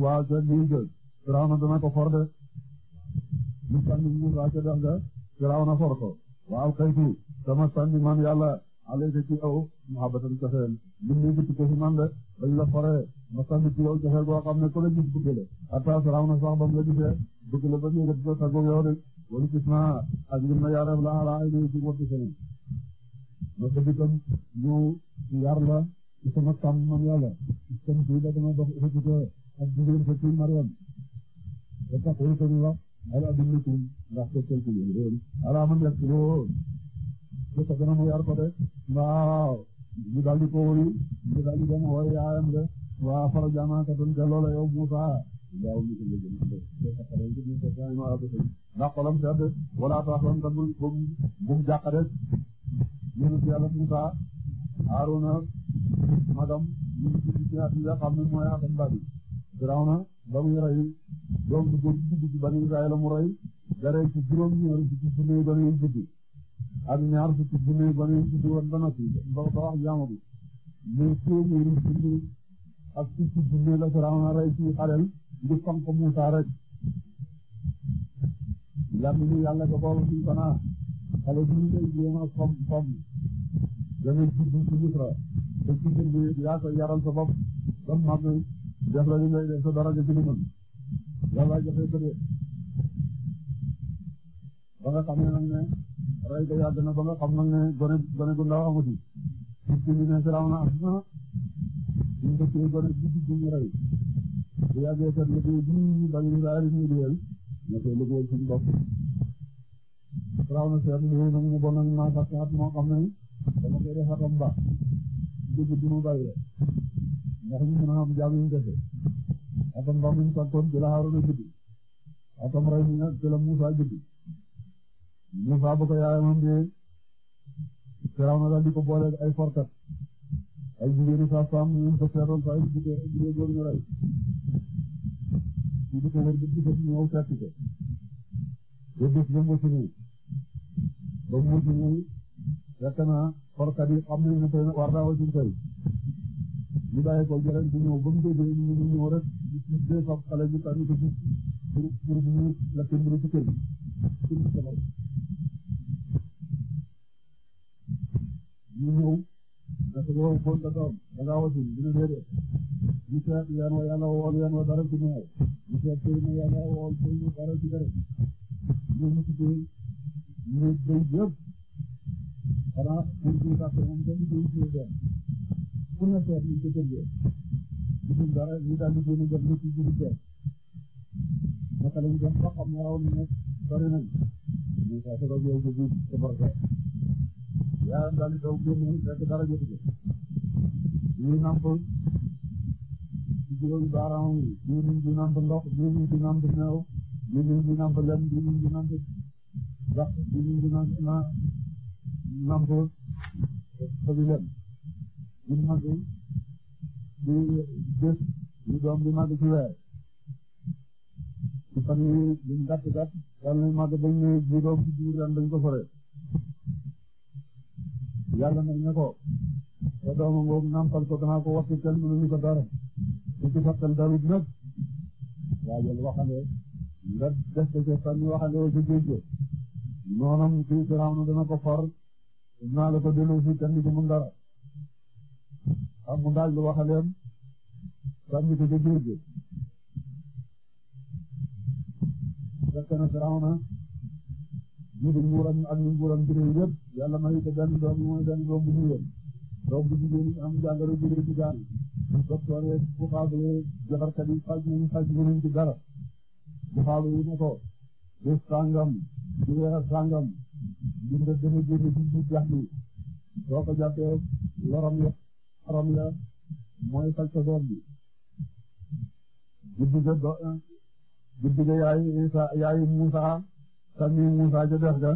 waa ca biir kër Firawna dana ko for de mu sànni Muusaa ca dex ga Firawna for ko wa alqaytu sama sànni man yàlla alayka ci yow muhabbatan cofeel lim ñu gëtt ko ci man de bañ la foree ma sànni ci yow cofeel boo xam ne ku la gis bëgg la hatta Firawna sax ba mu la gisee ba ñu ngi ko taggoog yow de wala gis naa ak ngir ma yaarab la ala ci ba bëgg itam ñëw yar la ci sama sàmm man yàlla comme si da dama dox recruté ak jigéen sa tur Mariam ba tax yooyu tamit wax ala adullukum ndax te teel ko yéen ala man yàq loo jot a gën a mu yar ko de waaw ñu daal di ko wëri ñu daal di dem wooy yaayam de waaw fara jaamaata doon delloo la yow Moussa daaw ñu ko lëgëm ndax xolam sedd wala tax doon tabul bu mu jàq de yéen si yàlla Musaa Haaruna magam ñu ngi tudd ci at yi nga xam ne mooy atam ba muy rey doom bu góor bu ci Bani Israayil mu rey da rey juróom-ñaar fukki junni gone yu juddu ak ñaar fukki yu juddu woon ba noppi ba wax jaamu bi mais téeméeri junni ak fukki junni la Firawna rey ci xaleel di fonk Musaa xale bi ñu koy jéem a fom fom dana judd ci Misra ko yaral sa bopp ba mu def la ñu ngay def sa daraja ci li mën yàlla joxe ko xam na nga xam nag ne gone gone gu ndaw na am na ñu ko ci gone bu dugg ñu rey bu yàggee kat di yel na koy liggéeyal Firawna seet lii nag mu bon dama koy def atam ba dugub bi mu bàyyee ndax ñu mën a am jaam yuñ atam ba muñ tàggoon ci la Haaruna juddu atam juddu Muusaa ba ko yaayam am dee Firawna ko boole ay forkat ay jigéenu saa saam ñu ko seetoon saa yu jigéen jigéen góor ñu rey ñu di ko wër di ko ñëw ko te bés ba ba mujj na forkat yi xam nañ ne tey war naa wàcc tey ñu ko jërëm bu ñëw ba mu déggee ñu ñëw rek ñu dee fab xale ñu tànn ko ci pour pour ñu lakk mbiru ci kër gi ñu ñëw naka boobu fóon sa doom da wool yan wa dara ci ñëw ñu seet kër yi ne yàlla wool kër yi dara ci dara ñoom ñu muy béy yëpp xanaa suñ suñ fàtte moom dañuy béy suñu benn pour nga seet ñu ko jëndee ñu dara ñu daal di gën a jot ñu ci jiwu benn naka lañ dem ba xam ne raw na ne bari yaa daal di taw génn fekk dara jotu ko di namp ndox di namp néew ñu ñu di namp lem ñu ñu ndax bu ñu dina dina nam ko xobi leen ñu màgg ci bés ñu doom di màgg ci weer ci fan yi ñu gàtt gàtt yàlla nañ màgg bañ ne bu doom ci biir ren fore yàlla nañ ne ko sa doomam boobu nampal ko danaa ko waxtu kenn mënuñu ko dara su ci fàttal darut nag waa jël waxande nga def ko ci fan waxande wa ci géej noonam fii Firawna dana ko for naa ko delloo si kenn ci mun dara ak mu daal di waxaleen sànni ko na Firawna ñu nguuram ak nguuram juree yëpp yàlla may ko benn doom mooy benn doom bu am jàngoro juree ci gaal docteur bu xaabee jabarkat yi faj nañu faj nañu ci bu xaabee ko bés sàngam ci weer sàngam ñu def dana génn ci biir dex bi soo ko jàppee lorom ya lorom ya mooy falsagoor bi guddi ga do guddi ga yaayu Isa yaayu Musa sànni Musa ca dex ga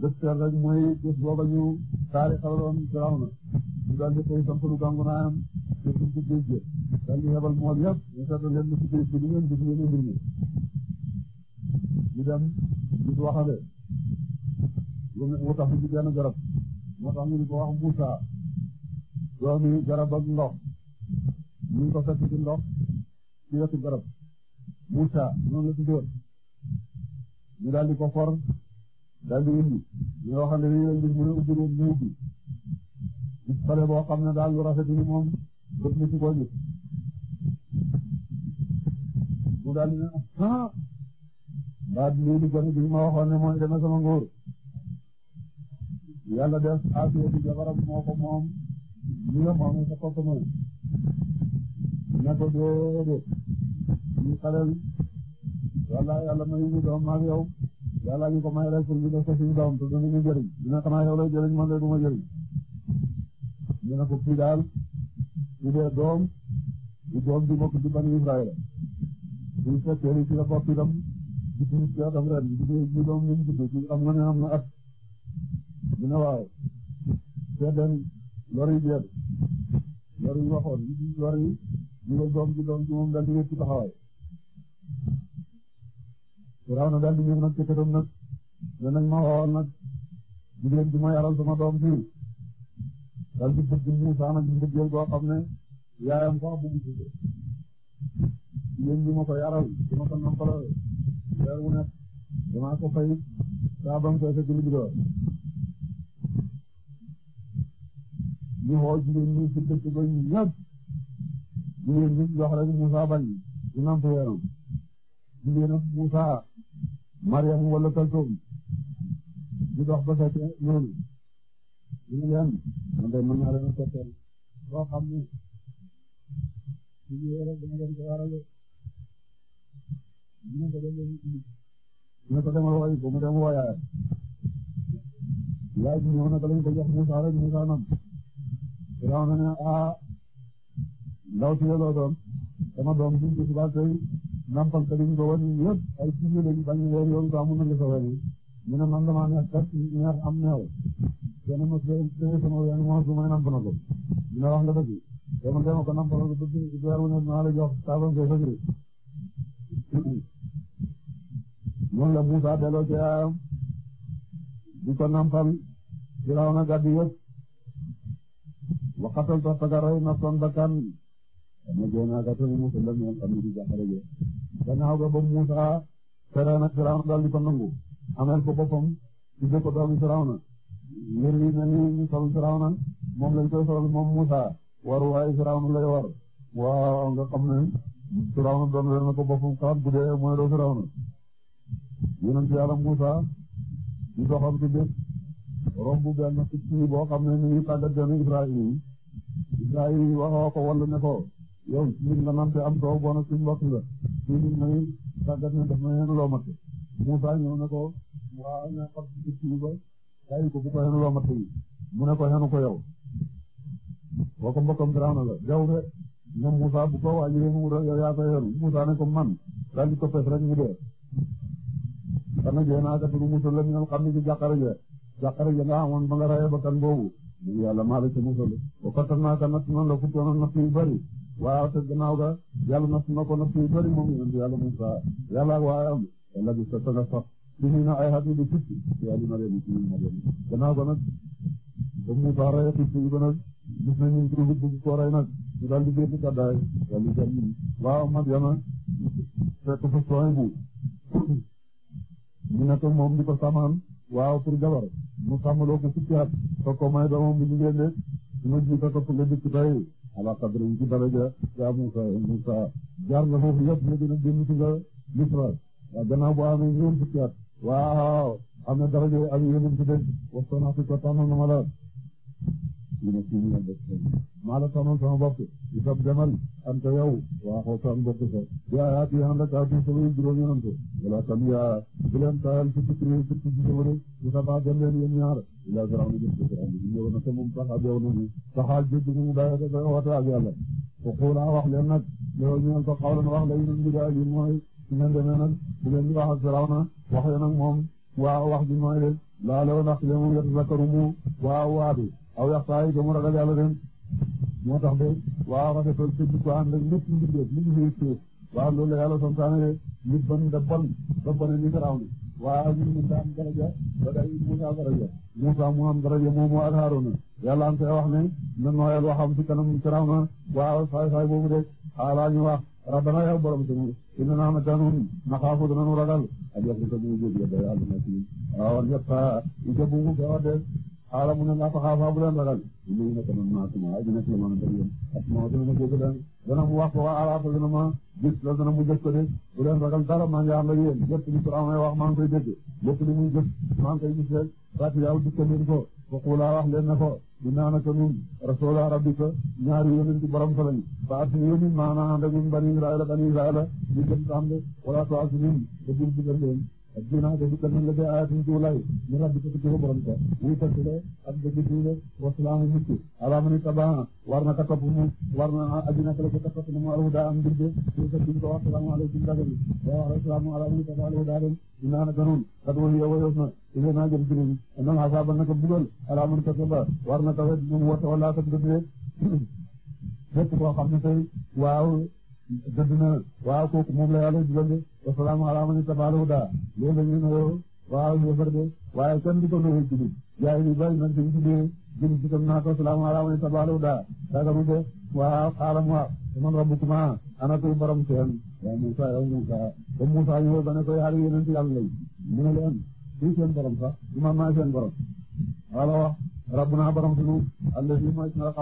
bés teel rek mooy bés booba ñu saari xaraloon Firawna ñu daal di koy sampalu ci géej gi daal di yebal mool yëpp ñu seetlu leen lu ci géej gi ñu leen di ñu dem ci waxale mu tax ci benn garab moo tax ñu di ko wax Moussa doomi garab ak ndox ñu ngi ko fekk ci ndox ci wetu garab Moussa noonu la tuddoon ñu daal di ko for daal di indi ñoo xam ne dañu leen gis mu ne ubbi leen ñu ubbi gis xale boo xam ne daal lu rafet ni moom bët ni ci ko gis mu daal di ne ah baat lii di gën gi ma waxoon ne mooy deme sama nguur yàlla def Asiya di jabaram moo ko moom ñu la moom sa kooku mooy ne ko déedéet ñu xaleel walla yàlla mayuñu doom maag yow yàlla ñu ko may rek pour ñu def ko suñu doom pour ñu jëriñ dina xanaa yow lay jëriñ man de du ma jëriñ ñu ne ko kii daal su dee doom du doom di bokk ci bani Israël bu fekkee ni ci la bokk itam juddu ci atam am nga ne am na at dina waaw te den lor yi jeex lor yi waxoon lor yi ñu ngi doom ci moom daal di wér ci taxawaay raw na daal di ñëw nag ci këram nag danañ ma waxoon nag jigéen bi ma yaral sama doom fii daal di bëgg Muusaa nag mbëggeel boo xam ne yaayam sax bëgg jigéen bi ma ko yaral di ma ko nampaloo weer wu nekk damaa ko fay saa ba mu fees ak jullit door ñu xool jigéen ñi si dëkk ba ñu ñëpp jigéen ñi jox rek Moussa bañ ñu nàmp weeram jigéen ak Moussa Mariam wala Kaltoum ñu dox ba fekk ñoom ñu ngi leen man de mën naa mu ne ko demal wooyi ko mu dem wooyaayam yaay ji ñëw na ko lañ ko jox Musaa rek Musaa nam Firawna ne ah ndaw si yeloo doon sama doom bi ci suba tey nampal ko liñ ko wan yëpp ay suñu lañ bañ a leen yoon saamu na nga ko wane mu ne man damaa neex kat neex am neew kenn mos ngeen tey sama wéen moo su may namp na ko dina wax nga dëgg te man dama ko nampalal ko dëgg weer wu ne naa la jox saabam koy sëgri moom la Musa delloo ci yaayam di ko nampal Firawna gàddu yëpp waxatal tax taga rey na son bakkan ma Musa la ñu xam ne di jàppale Musa tere nag Firawna daal di ko nangu amel ko boppam ni ñu sol Firawna moom lañ koy sol moom Musa waru waaye Firawna lay war waaw na ko boppam xalaat bu dee yonent Yàlla Muusaa ci doxantu bés romb benn picc boo xam ne mi ngi tàggat benn Ibrahima yi Ibrahima yi waxoo ko wàllu ne ko yow ci nga nante am soo bon ak suñu nga suñu may tàggat ne daf may loo mat Muusaa ñëw ne ko waa ña xam ci picc yi bu ko xenu loo mat mu ne ko xenu ko yow boo ko mbokkam Firawna la jaw de ñoom Muusaa bu ko wàññi yow yaa ko xenu Muusaa ne ko man daal ko fes rek ñu dee dana jéemaa ka turu musal la ñu xam ne ci jàkkaarloo ja jàkkaarloo ja nga amoon ba nga rayee ba kan boobu yàlla maa la ca musal ba kattan naa ka natt noonu la ku toonoon na ko natt yu bëri moom Musaa yàlla ak waaye am yàlla gis ko nga sax ci ñu na ay xat yi di tukki yàlla na leen ci ñu na leen gannaaw ga nag ba Musaa rayee tukki yi ko nag gis nañu ñu bëgg ko rey nag ñu daal di génn kàddaay yàlla jëm waaw ñu nekk moom di ko sàmmaan waaw pour jabar mu sàmmaloo ko fukki at foog ko may doomam bu jigéen de su ma jiita ko nga dëkk tey ala qadri ci daraja ya Musa Musa jaar na foofu yëpp ñu dina génn ci nga Misra waaw gannaaw boo amee ñoom daraja am yéen ci dëkk waxtaan ko tànn na ma ne fii ñu def maa la tànnal sama bopp di sab demal am te a waaxoo sa bopp sa bi ayaat yi ànd ak aw bi sama juróom yonante wala tam yaa bu leen tayal ci fikri fikri ci sama ci sa baa dem leen yéen ñaar ila garaam jëf ci am ñu ñëw na te moom taxaa beew na ñu taxaa jëgg mu daay ko woote ak yàlla ko xoolaa wax leen nag yow ñu ko xawlan wax la yi ñu daay yi mooy ngeen demee nag bu leen di wax ak Firawna waxee nag moom waa wax ji mooy leen laa law ndax le moom yetazakkaru mu waa waa bi aw yaxtaay te mu ragal yàlla ren moo tax de waaw rafetal te di ko ànd ak lépp mbindeef li ñu xëy ci waaw loolu la yàlla santaane de nit ban da bon da bone ni garaaw ni waaw ñun mun da am daraja ba day Muusaa daraja Muusaa mu am daraja moom moo ak Haaruna yàlla am koy wax ne na nooyal waxam ci kanam garaaw na waaw saay saay boobu de xaalaa ñu wax rabbana yow borom sunu inna naa na tanun na xaafu danañu ragal ak yàlla ko ñu jóg yàlla yàlla na ci waaw ñëpp i jabu mu gawa de xaaral mu ne laa ko xaaral bu leen ragal ñu ne tamit maa fi ma dina fi ma def yéen maa dina dégg daan dana mu wax ko waa alaaka ma gis loolu dana mu jëf ko de bu leen ragal dara maa ngi ànd ak yéen lépp wax maa ngi koy dégg lépp li muy jëf maa ngi koy gis rek ko faqulaa wax leen ne ko dinaa naka ñun rasuula rabbika ñaari yónent ci borom fa lañu baat si yónent maanaam dañu bani Israaïla bani Israaïla ñu gëm xam de wala toise ñun te ak ginnaaw dañu ko mën a dee ayatin juulaay ñu rabbi ko tuddee borom ko muy tasile ak dëgg diine wa salaamu mucc ala man ittaba'a war na ka topp mu war na aji naka la ko ka topp mu alhuda am mbirde ñu sa wa ko wax salaamu alaykum dagani wa alaykum ala man ittaba'a alhuda dem dinaa naka na ilay naa jëm jëriñ anam asaaba bugal ala man kasaba war na tawet mu wata wala tak dëddee fépp koo xam ne waaw dëdd waaw kooku moom la yàlla salaamu alaa man ittaba'al hudaa loolu la ñu nuyoo waaw yéefar de waaye kenn du ko nuyoo jullit jaay ñu bari nag dañu tuddee jullit itam naa ko salaamu alaa man ittaba'al hudaa daga mu de waaw xaaral ana koy borom seen waaw Muusaa yow Muusaa ba Muusaa ñëwee ba ne ko yaa di yonent yàlla lañ mu borom sax du maa seen borom wala wax rabbunaa borom sunu allazii mooy ki nga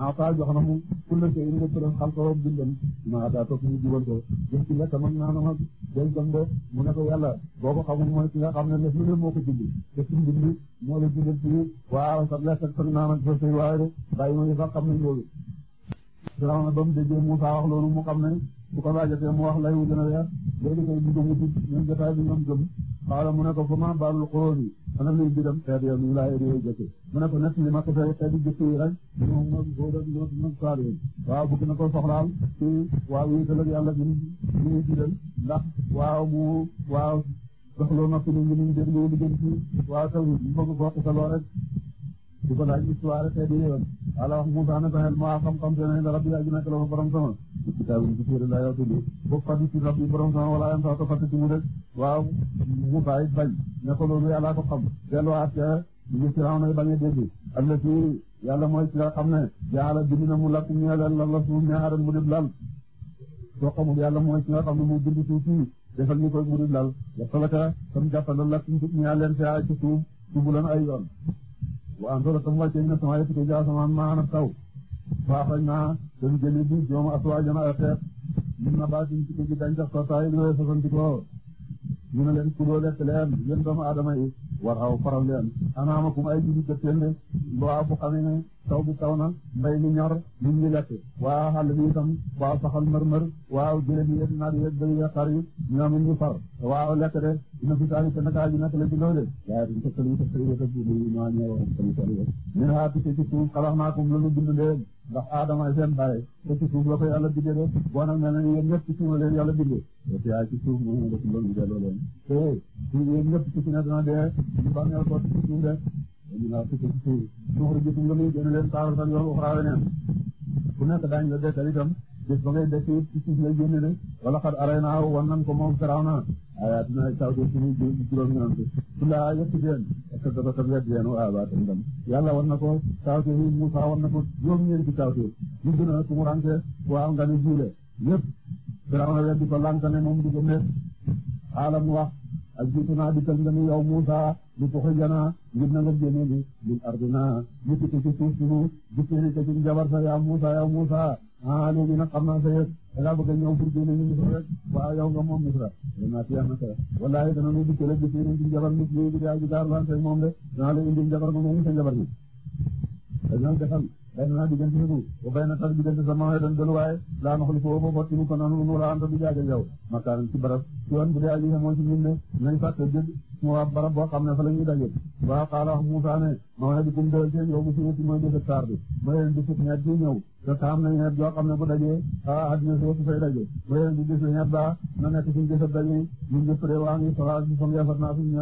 ah Paa jox na mu kulle si indi kuréel xam ko bindam maa daa toog ñu jubal ko jëf ci lekk mën naa ma day dem mu ne ko yàlla boo ko xamul ki nga xam ne lépp lu leen moo ko bind te suñ bind moo la bindal fii waaw sax lekk ak sax naan ak sa waaye de bàyyi ma sax xam nañ loolu. Firaaw na ba mu déggee Moussa mu xam ne bu ko laajatee mu wax lay wu gën a leer léegi tey ñu gëm ñu ñoom jotaay bi xaala mu ne ko fa ma baalul xurón yi ana luy biram xeet yo mi laa réew jëkke mu ne ko nett li ma ko fay xeeti jëkk yi rek moom noog góorak noog noog saalin waaw bëgg na ko soxlaal ci waaw wéetal ak yàlla bi ñuy biral ndax waaw mu waaw doxloo noppi ni ngi niñ déglu lu jëm ci waaw taw mu bëgg koo xisaloo rek di ko laaj histoire xeet yi yoon ala wax Moussa ne ko xel maa xam-xam te ne rabbi yaa ji nekk la fa borom sama kitaabun ci téere laa yàlla tudd ba faddu ci rabbi borom sama wala yam sax faddu ci mu rek waaw mu bàyyi bañ ne ko loolu yàlla ko xam delluwaat ca a allah ci yàlla mooy ne jaala bind na mu lakk ñeel la la suuf ñaaral mu dib lal soo xamul yàlla mooy ci nga xam ne mu bind suuf si defal ñu koy mu dib lal waxtalaka sam jàppandal lakk ñeel leen faa ci suuf subulan ay yoon wa antola sam wàccee ñu ne sama yëpp ko jaa faafaj naa seen jëli bi joomu aswaajana ay xeet min nabaatin ci digg gàncax ko saa yi lu sosantikoo ñu ne leen kuloo lekk leen yéen doomu aadama yi war xaw faral leen anaamakum ay jibi jëf seen de loo bu xamee taw bi taw na mbay mi ñor nit ñi lekk waa xàll bi itam waaw saxal mër-mër waaw jële bi yëpp naaj yëpp dëgg xar yi ñoom it ñu far waaw lekk de dina fi saari te naka ji nekk la ci loole waaye duñ ko sëriñ tëf sëriñ tëf ñu ma ñëwoon sëriñ tëf min haa tukkee ci suuf xalax naa ko lu nu bind leen ndax aadama seen bàyyi te ci suuf de boo nag mel ne yéen ñëpp ci suuf la leen yàlla bindee te yaa ci suuf mo def loolu delloo leen te yéen ñëpp ci dee ñu bàmmeel waaw su ko defee suuxlu gis nga muy gën leen saawar sax yow waxaawe neen ku nekk daañu la dekkal itam gis ba ngay dekk it ci suuf lay génne wala xar aray naa wan nañ ko moom garaaw naa waaye dina taw bi suñuy juróom-ñaar bi. sulaa yëpp si yéen est ce que dafa tëb yàgg yéen waaw waaw tamit tam yàlla wa na ko taw i Moussa war na ko juróom-ñeent ci taw bi. ñu gën a tumurànke waaw nga ni jiile yëpp garaaw na weddi ko lànk ne moom du ko métti xaalam wax. ak jiitu naa di tënk dañuy yow Moussa li tuxrijana ngir na nga génne ni min ardina yëkkati ci suuf suñu bisimilah ci suñu jabar sa yaa Moussa yaa Moussa ah léegi nag xam naa sa yëg da ngaa bëgg a ñëw pour génne ñu Misra rek waaw moom Misra dinaa ci na sa wallaahi dana nu dikkee rek bisimilah suñu jabar nit ñi de dinaa la indi jabar ba benn naa diggante sa dugub ba bay na tax diggante sa mawee doon delluwaay laa ma xool foofu ba xotti ko noonu mu la am di jaajëf yow. makkaan ci barab ci woon bu dee aji xamoo ci ñun ne nañ fàtte jël mu waa barab boo xam ne fa la ñuy daje waaw xaaral wax Moussa ne mawee bi kum dool seen yow bu suñu si mooy jëfët saar bi ma leen di sut ñett bi ñëw te saam na ñett yoo xam ne bu dajee ah addina soo su fay daje ma leen di gis ñett baa na nekk suñu jëfët daje ñun ñëpp de waa ngi soxla si fam yafat naa suñu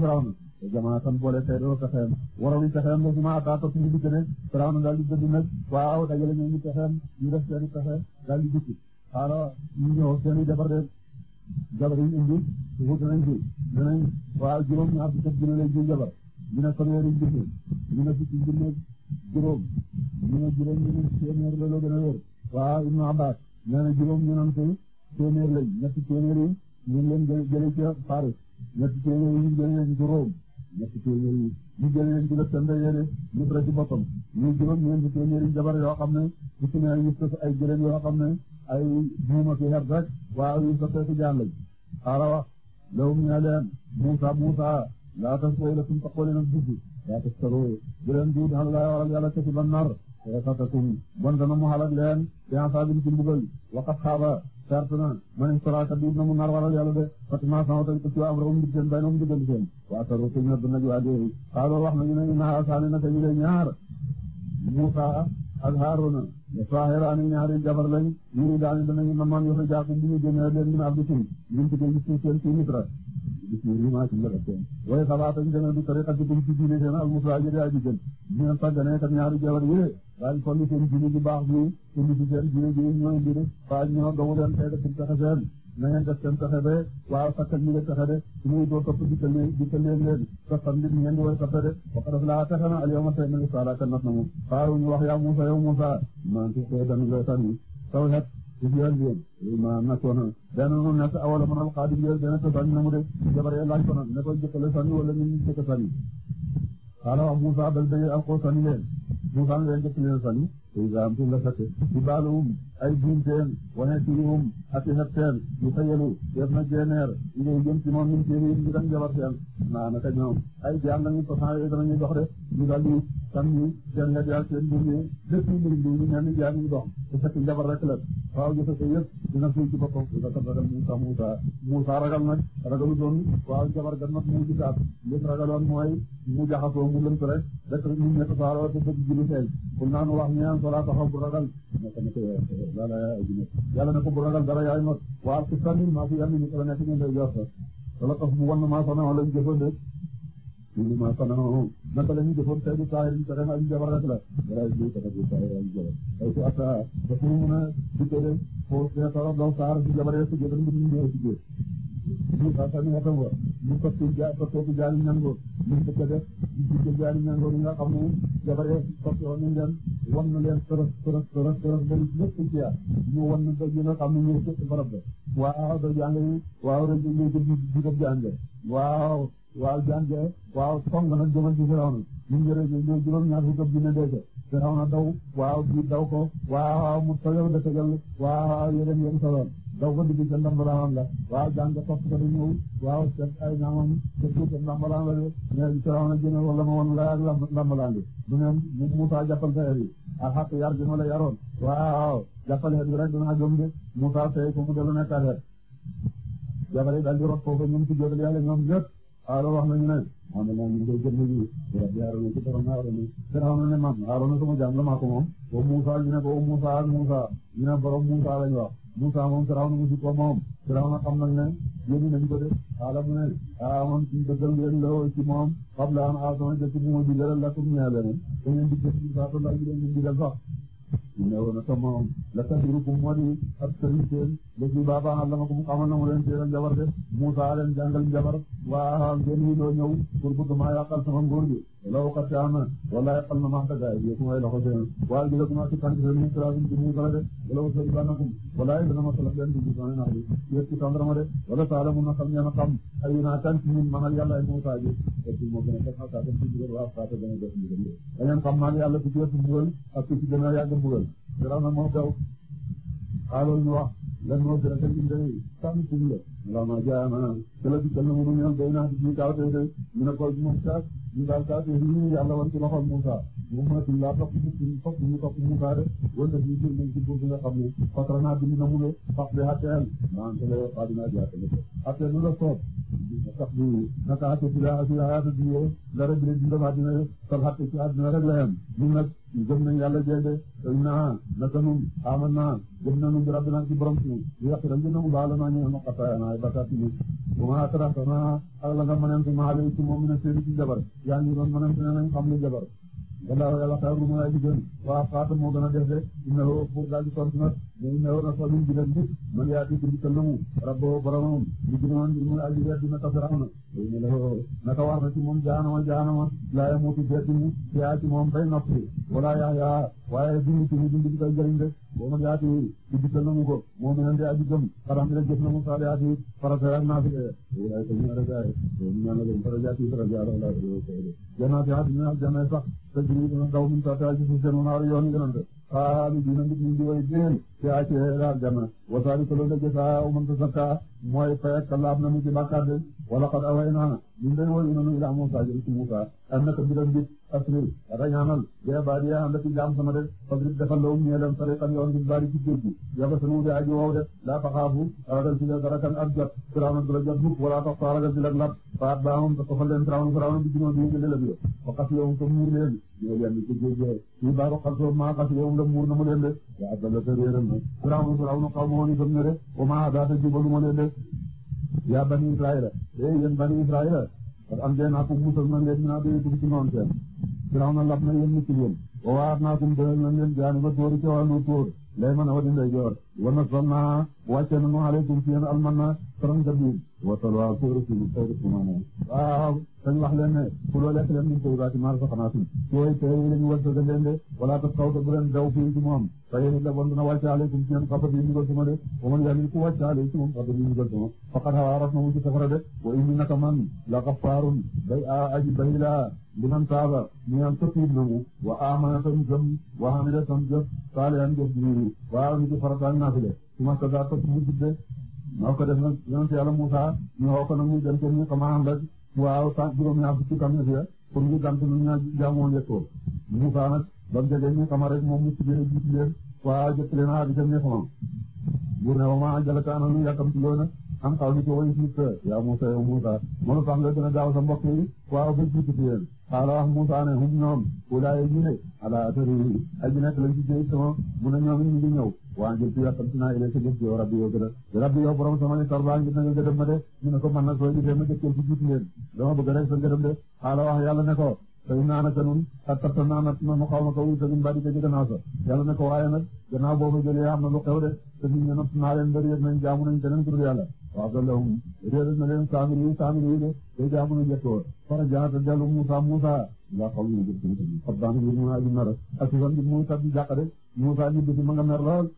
ñett jamaatan boole seedoo fexeem waroon fexeem ba su ma ataa topp ñu dikk ne Firawna daal di waaw dajale ñu ñu fexeem ñu def seen i pexe daal di dikk xaala ñu ñëw seen i defar de jabar yi indi suuf dinañ fi dinañ waaw juróom ñaar fukk ak dina lay ji jabar ñu ne fanweeri junni ñu ne fukki junni a na leen jëlee ca Paris ñetti téeméer yi ñu ñetti téeméer yi ñu jëlee ñu la seen yére ñu ci boppam ñu juróom ñeenti téeméeri jabar yoo xam ne su ci nee ñu sos ay jërëm yoo xam ne ay buuma ki xet rek yu soteeku jaan lañ xaala wax law mu ne leen Muusa Muusa laa tas koy la sumu taqoo leen ak dugg laa tas taroo jërëm diid xan laa waral yàlla kasi ba nar satakum bon dana mu xalak leen biensa bin ci mbugal waxat xaaba sart na ma ne Suraaka bi na mu nar waral yàlla de Fatima sama tañ ko ci am rawum diggan bay noom diggan seen waa saru sëñ na duna jiwaa déeri xaaloo wax nañu ne naa saani na kañu le ñaar Muusa ak Haaruna le sahiraani ñaari jabar lañ yuri daani danañu namaan yoxe jaakum bu ñu génne leen min abdi sin ñun tëgee gis seen ci Misra bisimilah ci njëkk seen. waaye xalaat ak njëriñ du tariqa ci dugub ci diine seen almusla ji daa ji gën. ñu ne sàggane kat ñaari jabar yële daal solli seen diine ji baax bi indi si seen diine ji ñoo indi de waa ñoo dogu leen tey def seen pexe seen na ngeen def seen pexe ba waaw sakkal ñu ne de su muy doo topp di tëlee di tëlee leen sakkal nit de wax dëgg laa pexe na Aliou ma sey na li saala kan wax yaa Moussa yow Moussa man ci xeetan ci biir a ma nattoono dana nu natt awala man alxaadim yooyu dana te sànni na mu de jabaree laaj ko nag ne ko jëkkale sànni wala ñu jëkk sànni xaala wax Moussa bal dañuy alxoo sànni leen Moussa leen jëkk leen sànni te itam tuum la fekk ci baaluum ay buumteen wane tiiwum ak i xetteen yu xëyalu def na génneer ngay jëm ci moom min téeri ñu dem jabar seen naa naka ñoom ay jaam lañu façon yooyu danañuy dox de ñu dal di sànni seen nga jaar seen buum yi dëkk mbir mbir ñu ñenn jaam ñu jabar rek waaw jëfandikoo yëpp dina sëy ci boppam. dina ko ragal Moussa Moussa. Moussa ragal nag ragalu doon waaw jabar gan nag mu gisaat lépp ragaloon mooy mu jaxasoo mu lënt rek rek mu nekk saaroo te bëgg ji lu feeñ. pour naan wax ñaan solaa taxaw bu ragal. nekk na ko yàlla yaa ajjuma. yàlla ne ko bu ragal dara yaay not. wa ci tamit maa fi yàlla ni ko la nekk ñu ngi lay jox. wala tax mu wan maa sonn wala ñu ma sanoo naka la ñu defoon saytu saa yi sa ren jabar rek la wala ñu defoon saa yi jabar ay ko ata da ko mën a dikkee fo sa taw daw saar ci jabar rek jëgal mu ñu ñëw ci jëf ñu fa sa ñu taw ñu ko ci ja ko ko jaani ñango ñu ko ko def ñu ko jaani ñango nga xam ne jabar rek ko ko ñu leen wan na leen tërëf tërëf tërëf tërëf ba ñu ci ya ñu wan na ba ñu nga xam ne ñu ci barab ba waaw do jàng waaw rek ñu jëf di def jàng waaw waaw jànge waaw song nag jëbal ci Firawna ñun jërëjëf juróom-ñaar fukk ak daw waaw bii daw ko waaw mu tojal da tojal waaw yéen yéen soloon daw ko digg ca ndambalaanam la waaw jànge topp ko di ñëw waaw seet ay ñaamam te tuut ca ndambalaan la de mais Firawna jëne wala ma woon la ak ndambalaan bi du ne sa la yaroon waaw jàppal xel bi rek dinaa gëm de Moussa tey ko mu dellu nekkaat xel jàppale daal di rot foofu ñun ci jógal ñoom ñëpp alo wax nañu ne moom la ñu koy jënd ji rabbi Aarona ci borom Aarona Firawna ne man Aarona sama jaam la maa ko moom wa Muusa ñu ne ko oh, Muusa ak Muusa ñu ne borom Muusa lañu wax Muusa moom Firawna mu ne yéen ko def xaala mu ne ah, man ci dëggal ngeen la ci moom xam la an Aarona jëkk mu ma bindal la ko ñaale ne da ngeen di jëf ci saa ko laaj leen di inna woon naka moom la tajrikum moo di ab sëriñ seen léegi baabaana la ma ko mu xamal na mu leen teeral njabar de Muusaa leen jàngal njabar waa ngeen wi loo ñëw pour bëgg maa yàqal sama nguur gi law xataama wala yàqal na maa tagaay yéeku may loxo seen waa gi la kuma ci tànk seen musalaatum ci muusala de wala wasali banakum wala yi dana ma salaf leen dugg sama nax bi na xam ñeena xam ay naa tànk min manal yàlla ay Muusaa ji ci moo gën a waa xaata gën a def a a Firawna moo daw xaaral ñu wax lan moo gën a dem indee sànni suñu la. waaw ma jaay ma te la dikkal na mu ne ñoom day naa si suñu kaw tey de ñu ne ko te ñu yàlla wan ci loxol mu mënatul laa topp ñu topp ñu topp Moussa de wala def ñu jël nañ mu ne fax bi xatteel. maanaam te la yow xaar dinaa jaay te la ko. xatteel sax bi naka at bi si waat bi yee dara bi la dundam àddina sol xat ci àddina rek la yem ñun nag gëm nañ yàlla jeede naa naka nun aman naa gëm nañu bi rabbina ci borom si di wax rek dina mu baal naa ñëw ma xataaya naa bakaat yi bu ma atrax naa ak la nga mënante maa lay ci moom a seen ci jabar yaa ngi doon mënante ne nañ jabar gannaaw yàlla xayma bu ma laay digal waaw Fatou moo gën a def de dina woo pour daal di tontu nag dina woo nag famille bi nag man yaa di dindi sa nangu rabboo boromam li gën a woon dina laaj li dina tas raam na. dina la woo naka war na ci moom jaanama jaanama laa yamutu deeti mu yaa ci moom bay noppi wala yaa yaa. waaye dindi ci dindi ci koy jëriñ de boo ma yaatu ci dikkal na mu ko moo mel ne de aji gëm xaram bi rek jëf na mu saa yaatu farata ak naafila waaye ko ñu ara gaay ñu ñaan la farata yaatu farata yaatu la ko jëna yaatu ñu al jëna sax te dindi na daw mu ta ta ci seen wonaar yoon gënante faalu dina mbit ñu di way déel ci acce daal janna wasaari ko loolu jasa uman ko sakka mooy fayat ka laaf na mu ci bàkkaar de wala xad away naana ñun day woyu nanu ilaa Muusaa jëm ci Muusaa an naka mbiram mbit asril rañaanal bee baadi yaa ànd ak jaam sama de fadrib defal lawum ñee leen tariqan yoon bi baari ci géej gi yaba sanu bi aji wow de la jot mukk wala tax sa ragal ci lak lab faat baamam te ko fa leen firawna firawna bi junoo la bi waxas yow ko muur leen ñoo leen di ci géej géej ñu baaru xal soo maa la muur na mu leen de waa dala a réeral na firaaw firaaw na xaw ma woon itam ne de wa maa daata jubalu ma leen de yaa bani israila eh yéen bani israila parce que am dee naa ko musal na leen naa doy dugg ci noonu seen firaaw na lab na yéen mucc yéen wa waar naa ko dëgal na leen jaani ba tóori ca wàllu tóor a naa wàcce na nu aleykum fi yéen alman 30 jours. wooteel waaw suur si biir kër gi maanaam. waaw dañ wax leen ne. ku loo lekk leen ñu koy baati a sax naa fi. yooyu tey la ñu wërsëg leen de. wala te kaw te bu leen daw fii ci moom. te yéen it la bon dina wàcce aleykum ci yéen xabar yi ñu gël sama de. ba man yàlla aleykum ci moom xabar yi ñu gël sama. faqad na mu ci safara wa inni naka man la xafaarun bay a aji bay laa liman taaba ñu naan tëkkiib nangu wa amana wa xamida sa daa topp mu moo ko def nag yonent yàlla Moussa ñu woo ko nag muy dem seen ñi ko maanaam rek waaw sànq juróom-ñaar fukki tamit ya pour ñu gànt ñu ña jaamoo yettoo Moussa nag ba mu jege ñi xama rek moom mu tuddee jiitu leen waaw jëkkale naa di dem ñi xamam buur ne wa maa ajalaka an qawlika wa yusufa yaa Moussa yow Moussa moo tax nga gën a gaaw sa mbokk yi waaw ba jiitu leen xaala wax Moussa hum ñoom ulaaye ji ne ala atari aji nekk lañ ci jëy mu ne ñoom ñu waa jël ci yàqal si naa yéene sa jëf yow rabbi yow gën a rabbi yow borom sama ne sorbaa ngir na nga gërëm de ñu ne ko man na soo gisee ma jëkkee ci jiitu de xaala wax yàlla ne ko tey naan ak nun kat kat naa na nu xaw ma ko wuyu tamit mbaa di ko ci gannaaw sa yàlla ne ko waaye nag gannaaw boo ma jëlee am na lu xew de te nit ñi natt la moom réer na leen saamir yi saamir yi de na jëkkoo fara jaata dellu Moussa Moussa laa xaw ma jëkkoo tamit xam daanaka mën naa ji nar ak ma nga mer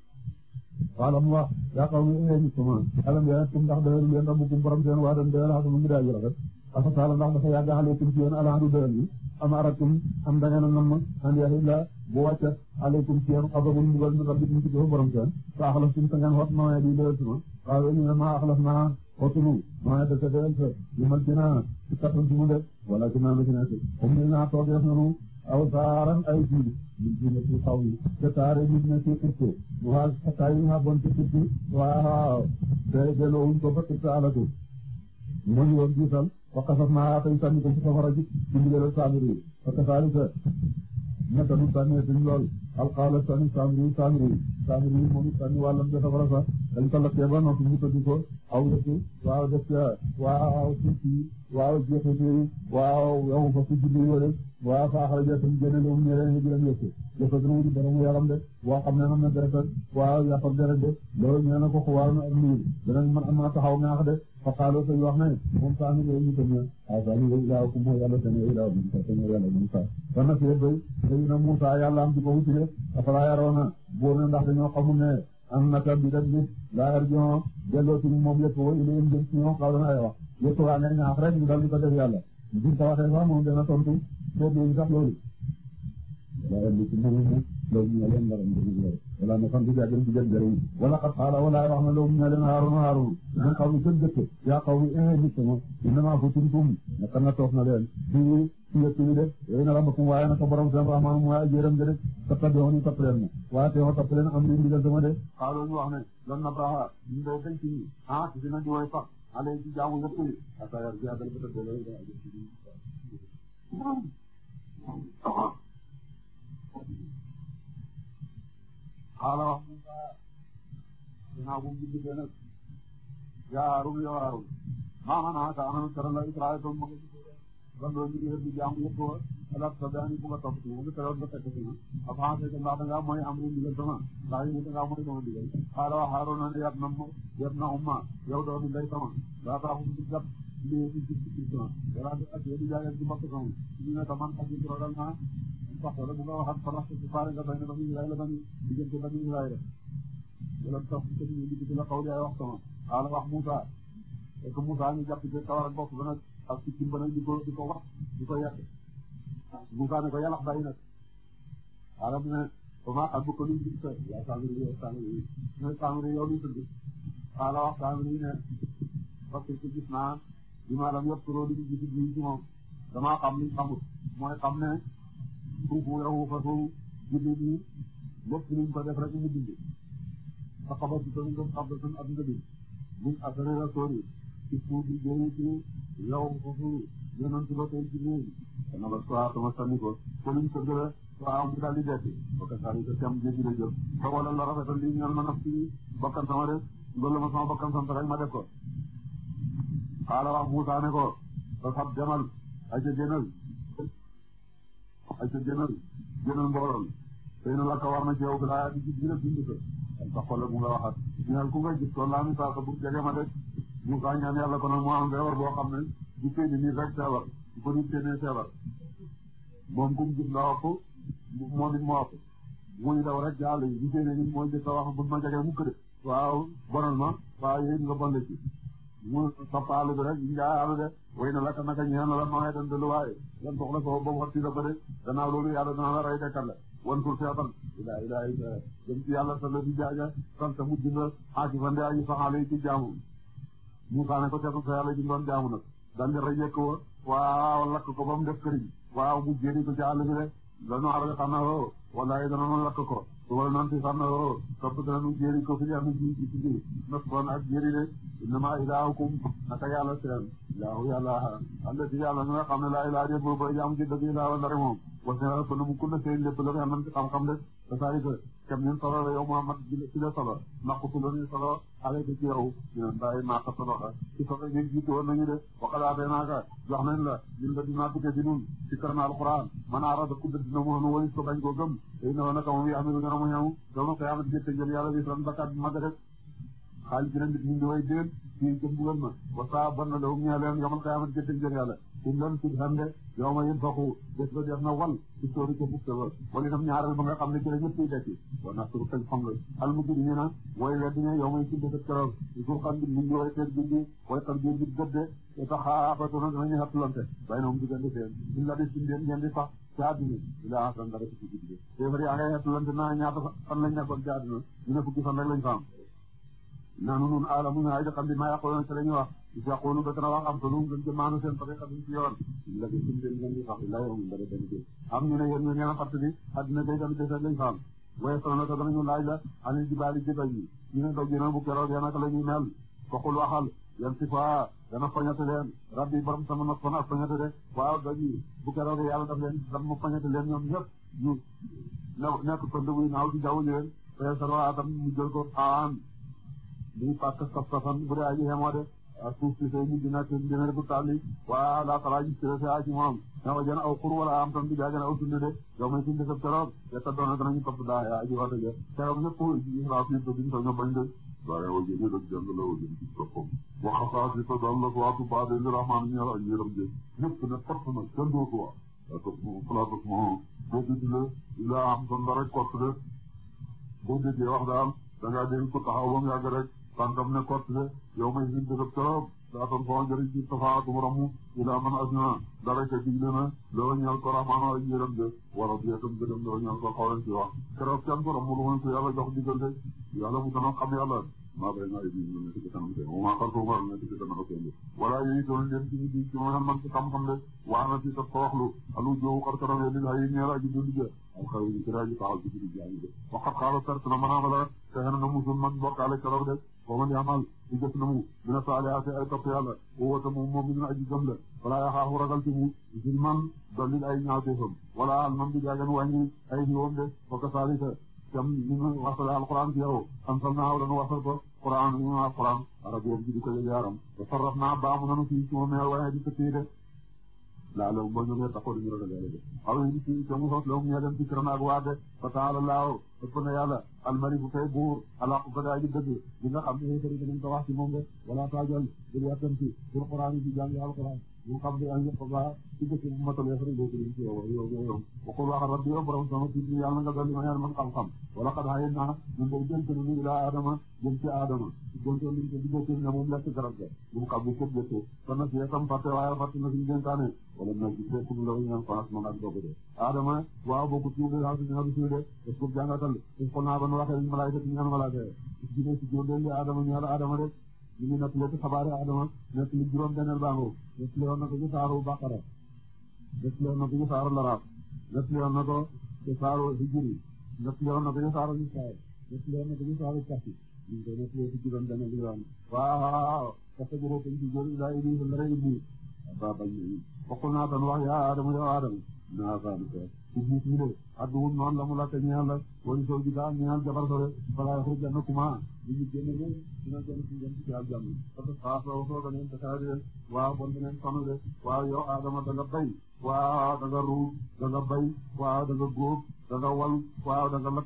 qaala mu wax yaa qawmi ee nit ma alam ya'idkum ndax doyalul leen rabbukum borom seen waa dan doyal xasanu ngi daaji rafet afasaala ndax dafa yàgg aleykum ci yéen alhamdu doyal bi am aratum am da ngeen a namm an yahilla bu wàcce aleykum ci yéen xasabul mbugal min rabbikum ci jëfa borom seen fa axlaftum ta ngeen xot mawee di doyal suma waaw ñu ne maa axlaf naa xotunu maa dese doyal sa limal dinaa ci kattan ci mu def wala dinaa la ci nekk comme ni naa toogee nanu aw saaran ay jiw ñu jiw ci xaw yi te saare gis na ci xibti waaw xataa yi nga bon ci xibti waaw day delloowuñ ko ba xibti alatu mooy woon gisal fa xasaf naa tey sànni ko ci safara ji ci fa kasaari sa naka du sànni suñ lool alxaala sànni Samiri Samiri Samiri moom it sànni dañ ko lëkkale ba noppi ñu tëdd ko aw dëkk waaw dëkk wa suuf si waaw jeexit yi waaw yow wa si julli wala waaw a jotul génne lu mu ñëwee ñu gërëm yëpp jotul dina wut dara mu yaram de waaw xam ne am na deret waaw yàqal deret de loolu ñu ne la ko xawaar na ak lii danañ mën am na taxaw ñaax de Fakalo Seydou wax na moom saa ñu ngi ñu ko ñëw waaw saa ñu ngi laaw ku mu yàlla seen yooyu laaw bi ñu ko seen yooyu yàlla na Moussa yàlla am ci boobu ci ndax dañoo xamul ne am na solo bi rek bi laa yor delloo ci moom yëpp wala yéen jëm ci ñoom xaw ma ay wax yëpp waa ngay ñaax rek ñu dal di ko def yàlla biñ ko waxee sax moom dana tontu foofu lañ sax loolu. loolu ñu ne leen dara ñu déglu ma sant bi yaa gën di jël wala xas xaaral walaay wax na loolu ñu ne leen Haaruna Haaruna. ñun xaw ma gën ma eh nit sama. innama futintum. la tuuti de. yooyu na rabbakum waaye naka borom seen rahmaan mooy ajéeram de rek. topp a doon topp leen ma. waaye teewoo topp leen am nañu ndigal sama de. xaaral ñu wax ne. lan na baaxa. ñu doon denc ñi. ah ci dina di way sax. allé ci jaamu yëpp yi. asaayaar bi xaala wax Musa ginnaaw bu mu jubbitee nag yaa Haarun yow Haarun maa manaaka an taraa Israa'iila ma nga jubbitee ban loo ñu di jaamu yëpp ala tabi'ani bu nga topp ci bu nga teewoon nga fekk ci ma afa'asayta ndax da ngaa mooy am lu ndigal sama ndax yow da ngaa mooy sama ndigal xaala wax Haarun ne yab na yab na umma yow doomi ndey sama daa tax mu jàpp lii ci ci ci sama daraa di ak yow di jaaree ci mbokk sama ñu ne ko man ak yi ci ragal naa waxtu la bu nga waxat faraxte si faare nga doy na bani Israël la bani diggante bani Israël wala tax ci ñu digg la xaw ay waxtu ma xaala wax Moussa et que Moussa ñu jàpp ci kawar ak bopp ba nag ak ci cim ba nag di ko di ko wax di ko yàq Moussa ne ko yàllax bàyyi nag xaala mu ne comment ak bu ko luñ gis yaa sangri yow sangri ne sangri yow luñ tudd xaala wax sangri ne parce que gis naa li ma lam yëpp trop di gis ci moom damaa xam liñ xamul mooy xam ne suuf mu yow façon jullit yi lépp luñ ko def rek mu dindi a xabar si toon def xabar sun ab ndëbi buñ asare rasoor yi ci suuf bi génn ci yow façon yonantu ba tey ci léegi dana ba soir dama sànni ko te luñ ko gëra waaw mu daal di deqi bokkan saa a ko tem jéggi la jël la rafetal li ñal ma naf ci bokkan sama ma sama bokkan sant rek ma def ko xaala wax Muusaa ne ko sa sab ayca génnal génnal mbooloon tey na la ko war na ci yow balaa di gis ñu ne bind ko sax xoolal mu la waxaat. ñaar ku ngay gis kon laa mi saaka jege ma de mu saa ñaan yàlla ko nag mu am feebar boo xam ne bu feeñee nii rek feebar bu ko nit feeñee feebar moom ku mu gis la moom it moo wax muy daw rek jàll yi bu feeñee nii mooy jëkk a wax bu ma jege mukk de. waaw bonal ma waaw yéen nga bonle ci mu topp àll bi rek nga de way na la ka naka ñaan la maa dem de lu waaye. lan soxla soo ba mu xas ci sa bëre gannaaw loolu yàlla dana la rey dekkal la wan tur feetal ilaa ilaa ilaa jëm ci yàlla sa la di jaaja sant mu dina xaati fan yaa ñu saxaale yi ci jaamu Muusaa ne ko teetu sa yàlla ji doon jaamu nag daan di rey yëkk wa waaw lakk ko ba mu def këriñ waaw bu jéeni ko ci àll bi rek danu arre xanaa woo wallaahi dana lakk ko wala noonu si sax na woo topp danañu jéeri ko fi ñu am ji ci biir na bon ak jéeri de innama ilaahukum naka yàlla seen ilaahu yàlla allati yàlla mi nga xam ne laa ilaaha boobu jaamu ci dëgg ilaahu ndare moom wax ne yàlla kon mu kun seen lépp la nga xam ne xam-xam kam ñun solo la yow Muhammad jëlee ci la solo ndax ku tudd solo xale bi ci yow ñun bàyyi maa ko solo ko ci solo ñun jiitu woon na de waxalaatee naa ko jox nañ la ñun de dinaa duggee ci ñun ci karna alquran man arada ku dëdd na mu xam wala ko bañ koo gëm te inna naka moom yaa amilu ngërëm ñëw loolu koy amat gerte jël yàlla bi ran bakkaat bi mag rek xaalis bi nit ñi di way déel fii jëm dugal ma wasa ban na la um ñaa leen yomal koy amat gerte jël yàlla um leen sud hande yow ma yéen foofu bés ba def na wal ci sóoru ca bukte ba wala itam ñaareel ba nga xam ne ci la ñëpp yi dekki wa nasru tëj fang al mujrimina way weddi ne yow may ci bésab keroog suur xam bi liñ gi way teeg jindi way xam jir bi gëdde te taxaabatuna danañu xettulante bay na moom diggante seen ñunu la di sin deen ngeen di sax ci àddina ila asan dara fukki guddi téefar yaa ngay xettulante naa ñaata fan lañ nekkoon ci àddina ñu ne fukki fan rek lañ fa am naanu nun aalamu ñaa ji xam bi maa yàqoona ci la ñu wax yaqulu ba dana wax afdalum gën ci maanu seen tariqa bi ci yoon la ko sum leen ngeen di sax la am ñu ne yéen ñu ngeen a fàttali adduna day dem des lañ xam waaye sono ta danañu laaj la ani jibaali ji doj yi ñu ne doj yi bu keroog yéen ak la ñuy mel foqul waxal yan si fa dana fañate leen rabbi borom sama nag kon ak fañate de waaw doj bu keroog yàlla daf leen daf mu fañate leen ñoom ñëpp ñu nekk pënd buy naaw di jaww leen te sarwaatam mu jël ko aan liy pàkk saf safan bu dee aji xemoo de ak suuf si tey jii dina dina def waa laa talaa gis ci moom na ko jënd aw am tam bi daa gën a aw suñu de ya ta doon a danañu topp daa yaa ji wax dëgg keroog ñëpp laa fi ko biñ ko ñoo bañ de waaye wa jënd rek jàng la wa jënd ci toppam ta doon la waatu baa de li rahmaan ñu ak yëram de ñëpp na topp na kenn doo wax daa topp moom falaa topp la laa am tan wax daal da ngaa dégg ko tànkam ne kott de yow may si dëgg trop daa toll foo njëriñ ci tafaatu ramu ilaa man asna dara ca digle na loo ñeel ko rahmaano ak yërëm de wala biyatam gëdëm loo ñeel ko xawlan ci wax keroog kenn jox digal de yàlla mu dana xam yàlla maa bay naa yëg ñu nekk ci kanam kenn wa maa xalfa war nekk ci kanam kenn wala yooyu doon leen ci ñu di ci mën man ci xam-xam de waa na ci sa toroxlu alu joowu xar kanam ya lil hayi ñeel aji dund ja alxawi ci raaji taxaw ci biir jaani de waxat xaala perte na manaama la fexe na nga wa man ya'mal ku jëf na mu mina saalihaati ay topp yàlla wa huwa moom moom mi ñu aji gëm la wala yaxaafu ragal ci mu zulman dolli ay ñaawteefam wala alman bi jaagan wàññi ay jiwam de wa kasaalika kam ni ñu wasal alquran ci yow anzalnaahu dañu wasal ko quran ñu alquran arabiyyan ji di ko yëg yaram wa sarrafnaa baamu nanu fii ci moom meel waaye di tëkkee de laa law boo ñëwee taxaw ñu ragal yàlla de aw indi ci te mu sos loom ñee dem ci kiram ak waate fa taala laaw ëpp na yàlla almari bu kay buur alaqu ko daa ji dëgg li nga xam ne yéen sëriñ dañ ko wax ci moom de wala taajal dël yàttam ci pour xuraan yi ci jàng alxuraan ñu xam ne daal ko baax ci dëkk bu motul yëpp rek dootul ci yow yow yow waxul wax rabbi yow borom sama ci yàlla nga dolli ma ñaan man xam-xam wala xad adama jëm ci adama jëntal ni ko diggante ne moom lekk garab ga bu mu xam bu ko jëfee kon nag yëkkam fàtte waaye fàtte na suñu dénkaane wala nag ci fekk lu law ñaan France man ak bokk de adama waaw bokku ci nga xam ne suñu de est-ce que jàngatal ko naa ban waxee malaayika ñaan malaayika ci ne ci jëndal adama ñaar adama li ñu nattale ci xabaari Adama nattali juróom benn baango nattale woon na ko ci saaru Baqara nattale woon na ko ci saaru Laraaf nattale woon na ko ci saaru Hijri nattale woon na ko ci saaru Nisaa nattale woon na ko ci saaru Kahfi ñu ngi koy nattale ci juróom benn bi yoon waaw kese boobu ko ci góor ilaa Iblis ndara Iblis ba bañ nañu bokkul naa doon wax yaa Adama yow Adama naa bañ ko Iblis mi de adduwun noonu la mu la te ñeel la wala soo ji daal ñeel jabar sore balaa xur jànn kuma jullit génne leen dina génn ci ngeen ci ak jàmm parce que xaar soo soo da ngeen tasaare leen waaw bon da ngeen sonal leen waaw yow Adama da lakk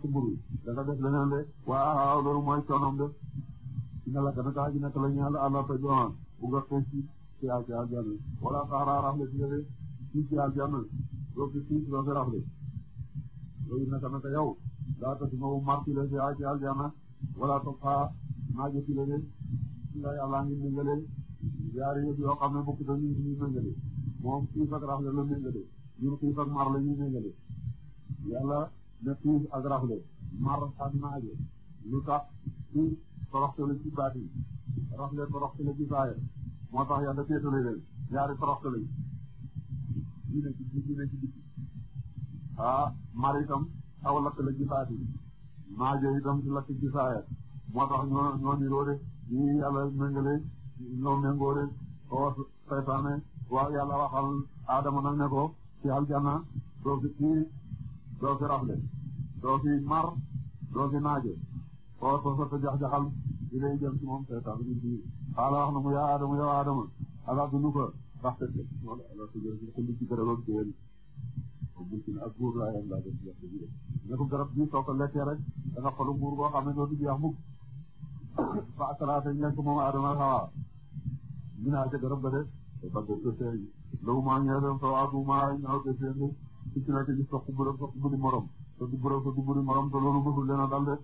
mburu da def leneen de waaw loolu mooy coonoom de dina la gën a ji nekk la ñu àll si ci ak jàmm wala saara rafle ci yële ci ci ak jàmm loolu ci ci doon rafle loolu naka naka yow daa tax ma wu wala toppa maa jëkki la leen ndax yàlla ngi méngale yaari yoo xam ne bokk na ñun ñuy méngale moom xiif ak rafle la méngale ñun xiif ak mar ñuy méngale yàlla ne xiif ak rafle mar ak naaje lu tax xiif toroxte la ci baat yi rafle toroxte la ci saaya moo tax yàlla teetale leen ñaari toroxte lañ ñu ne ci ñu ne ci biti ah mar itam aw ci baat yi naajo itam ci lakk ci saaya moo tax ñoo ñoo niroo de ñi yàlla méngale ñoo méngoo de oo saytaane waaw yàlla waxal aadama nag ne ko ci aljanna doo fi ci doo fi rafle doo fi mar doo fi naaje oo soo soo te jax-jaxal di lay jëm ci moom saytaan bi mu yaa aadama yow aadama ala dunu ko ndax te wala ala tujëi xulli ci gërëgoog déwén busin ak góor laa yem laa def ñeeku garab bi soo ko lekkee rek da nga xolu nguur boo xam ne doo di jeex mukk fa akalaate lekk moom Adama Hawa ñu naa ca garab ba de parce que seen loolu maa ngi leen soo aatu maa ñaaw te seen ci ci nekk gis sa xubburam sa xubburi morom sa dubburam sa dubburi morom te loolu bëggul leen a dal de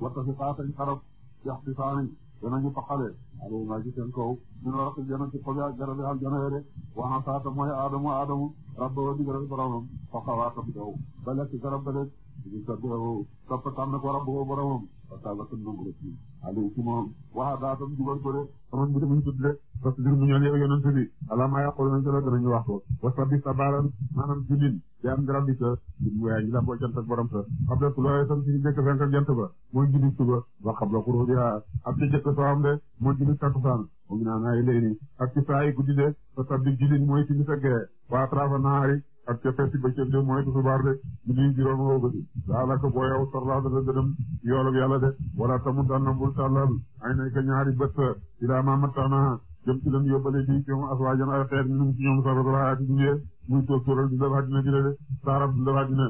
waxta si faatañ xarab jax si saani danañu taxalee alawmaa ci seen kaw min waraqi jannati xobi ak garabi aljana de waxa saata mooy aadamu aadamu rabboo digal boromam fa xawaa tabidaw ba lekk garab ba def ñu sa deewu topp tànn ko rabboo boromam Fatal ak Ndogo. Aliou ci moom wax daa tam jubal ko de xamoon bu demee tudd de parce que mu ñëw yow yonent bi ala maa yàqul nañ ko la danañu wax ko wasa bi sa baaran maanaam julin yaam garab bi sa waaye ñu la boo jant ak borom sa xable mooy julli suba ba xable ku ruubiha ak ci jëkk soo am mooy julli takkusaan mu ngi naan ay léegi ak ci de wasa julin mooy ci gee waa trafa naari ak ca fekk ba ca biir mooy tusubaar de julli juróom loo gëdi daanaka boo yow sarlaal dana gëdëm yoolub yàlla de wala tamutanna bul tàllal ay nay ñaari bët ilaa ma mattana jëm ci leen yóbbale ci ñoom aswaajan ay xeet ñun ci ñoom sarrafa xayaati dunya muy tóor tóoral di def àddina ji de saaraf di def àddina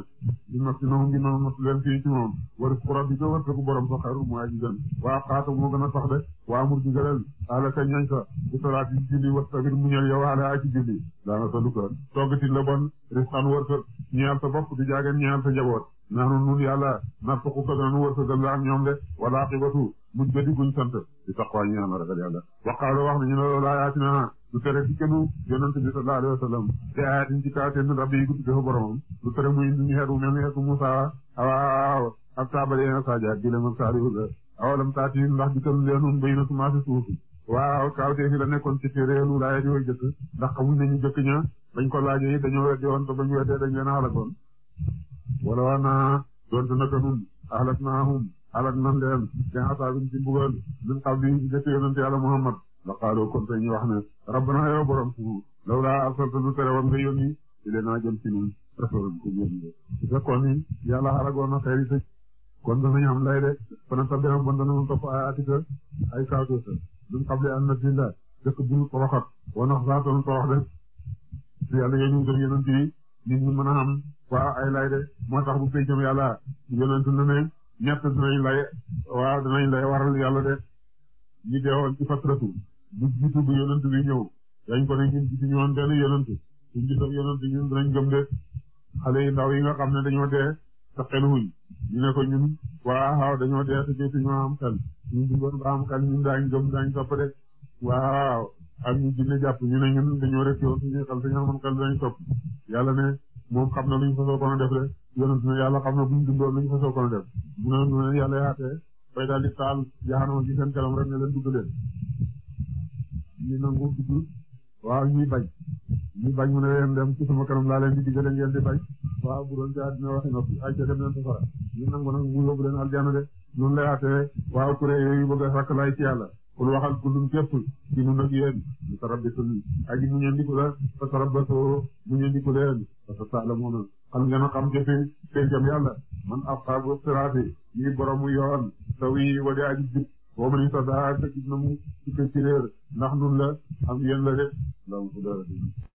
di noppi noonu noonu noppi leen fii ci moom war xura bi ko war ko borom sa xaru mu aji gën waa xaata moo gën a sax de waa mur ji gëleel ala ka ñooñ sa di salaat yi julli wa sabir mu ñël yow ala aji julli daana sa luka toggati la bon risqan war sa ñeel sa bopp di jaagen ñeel sa njaboot naanu nu war mujj ba di guñ sant di taqwa ñu am ragal yàlla waqaalo wax nañu ne loolu ayaatina lu tere ci kennu yonent bi sallallahu alayhi wa sallam te ayaatin ci kaw seen rabbi yi ko fa boromam lu tere muy indi ñu xeetu mel ni xeetu Musaa awaaw ak taabale na sadiak bi lam ak saariula awalam taati ndax di tal leenun bay na suma fi waaw kaawtee fi la nekkoon ci téeréelu laayat yooyu jëkk ndax xamuñ nañu jëkk ña bañ ko laajee yi dañoo weddi woon te dañ leen a xalakoon wala waa alak nan leen bi asaabiñ ci mbugal min qabli jëkk yonent yàlla Muhammad la qaaloo kon tey ñu wax ne rabbana yow borom suñu law laa arsalta du tere woon nga yónni ci leen naa jëm ci ñun rasul ko yónni fekkoon ni yàlla xaragoon na xeer yi tëj kon danañu am lay de fana sa benam bon danañu topp ay atika ay saatosa min qabli an nazilla dëkk duñu toroxat wanax saatoon torox de si yàlla yooyu ñu gëm yonent yi nit ñi mën a am waa ay lay de moo tax bu péjam ñett dinañ lay waaw dinañ lay waral yàlla de ñu deewoon ci fatratu bu jiitu bu yonent bi ñëw dañ ko ne ñun gisuñu woon benn yonent suñ ñun dinañ gëm de xale yi ndaw yi nga xam ne dañoo dee te xel wuñ ñu ne ko ñun waaw dañoo dee te jotuñu am xel ñu duggoon ba am xel ñun daañ gëm daañ topp de waaw ak ñu jinne jàpp ñu a ñun dañoo rek yoon suñuy xel dañoo amoon xel dañ topp yàlla ne moom xam na lu ñu fa soogoon a def rek yonent na yàlla xam na bu ñu dundoon lu ñu fa soogoon a def bu ne nu leen yàlla yaatee bay daal di taal jaxanama ci seen kanam rek ne leen dugg leen ñu nangu dugg waaw ñuy bañ ñuy bañ mu ne leen dem ci sama kanam laa leen di diggalee ngeen di bañ waaw bu doon jaar dina waxi noppi ay ca dem leen safara ñu nangu nag mu yóbbu leen aljanna de noonu la yaatee waaw kuréel yooyu bëgg a sàkk lay ci yàlla pour waxal kullum képp ci ñun ak yéen ñu tarabbisul aji mu ñëndiku la fa tarabbasu mu ñëndiku leen fa sa ta'lamuuna xam ngeen a xam ci fi pencam yàlla man ashaabu siraati ñi boromu yoon sawi wa di aji jub boo mën sa daa te gis na mu ci réer ndax nun la am yéen la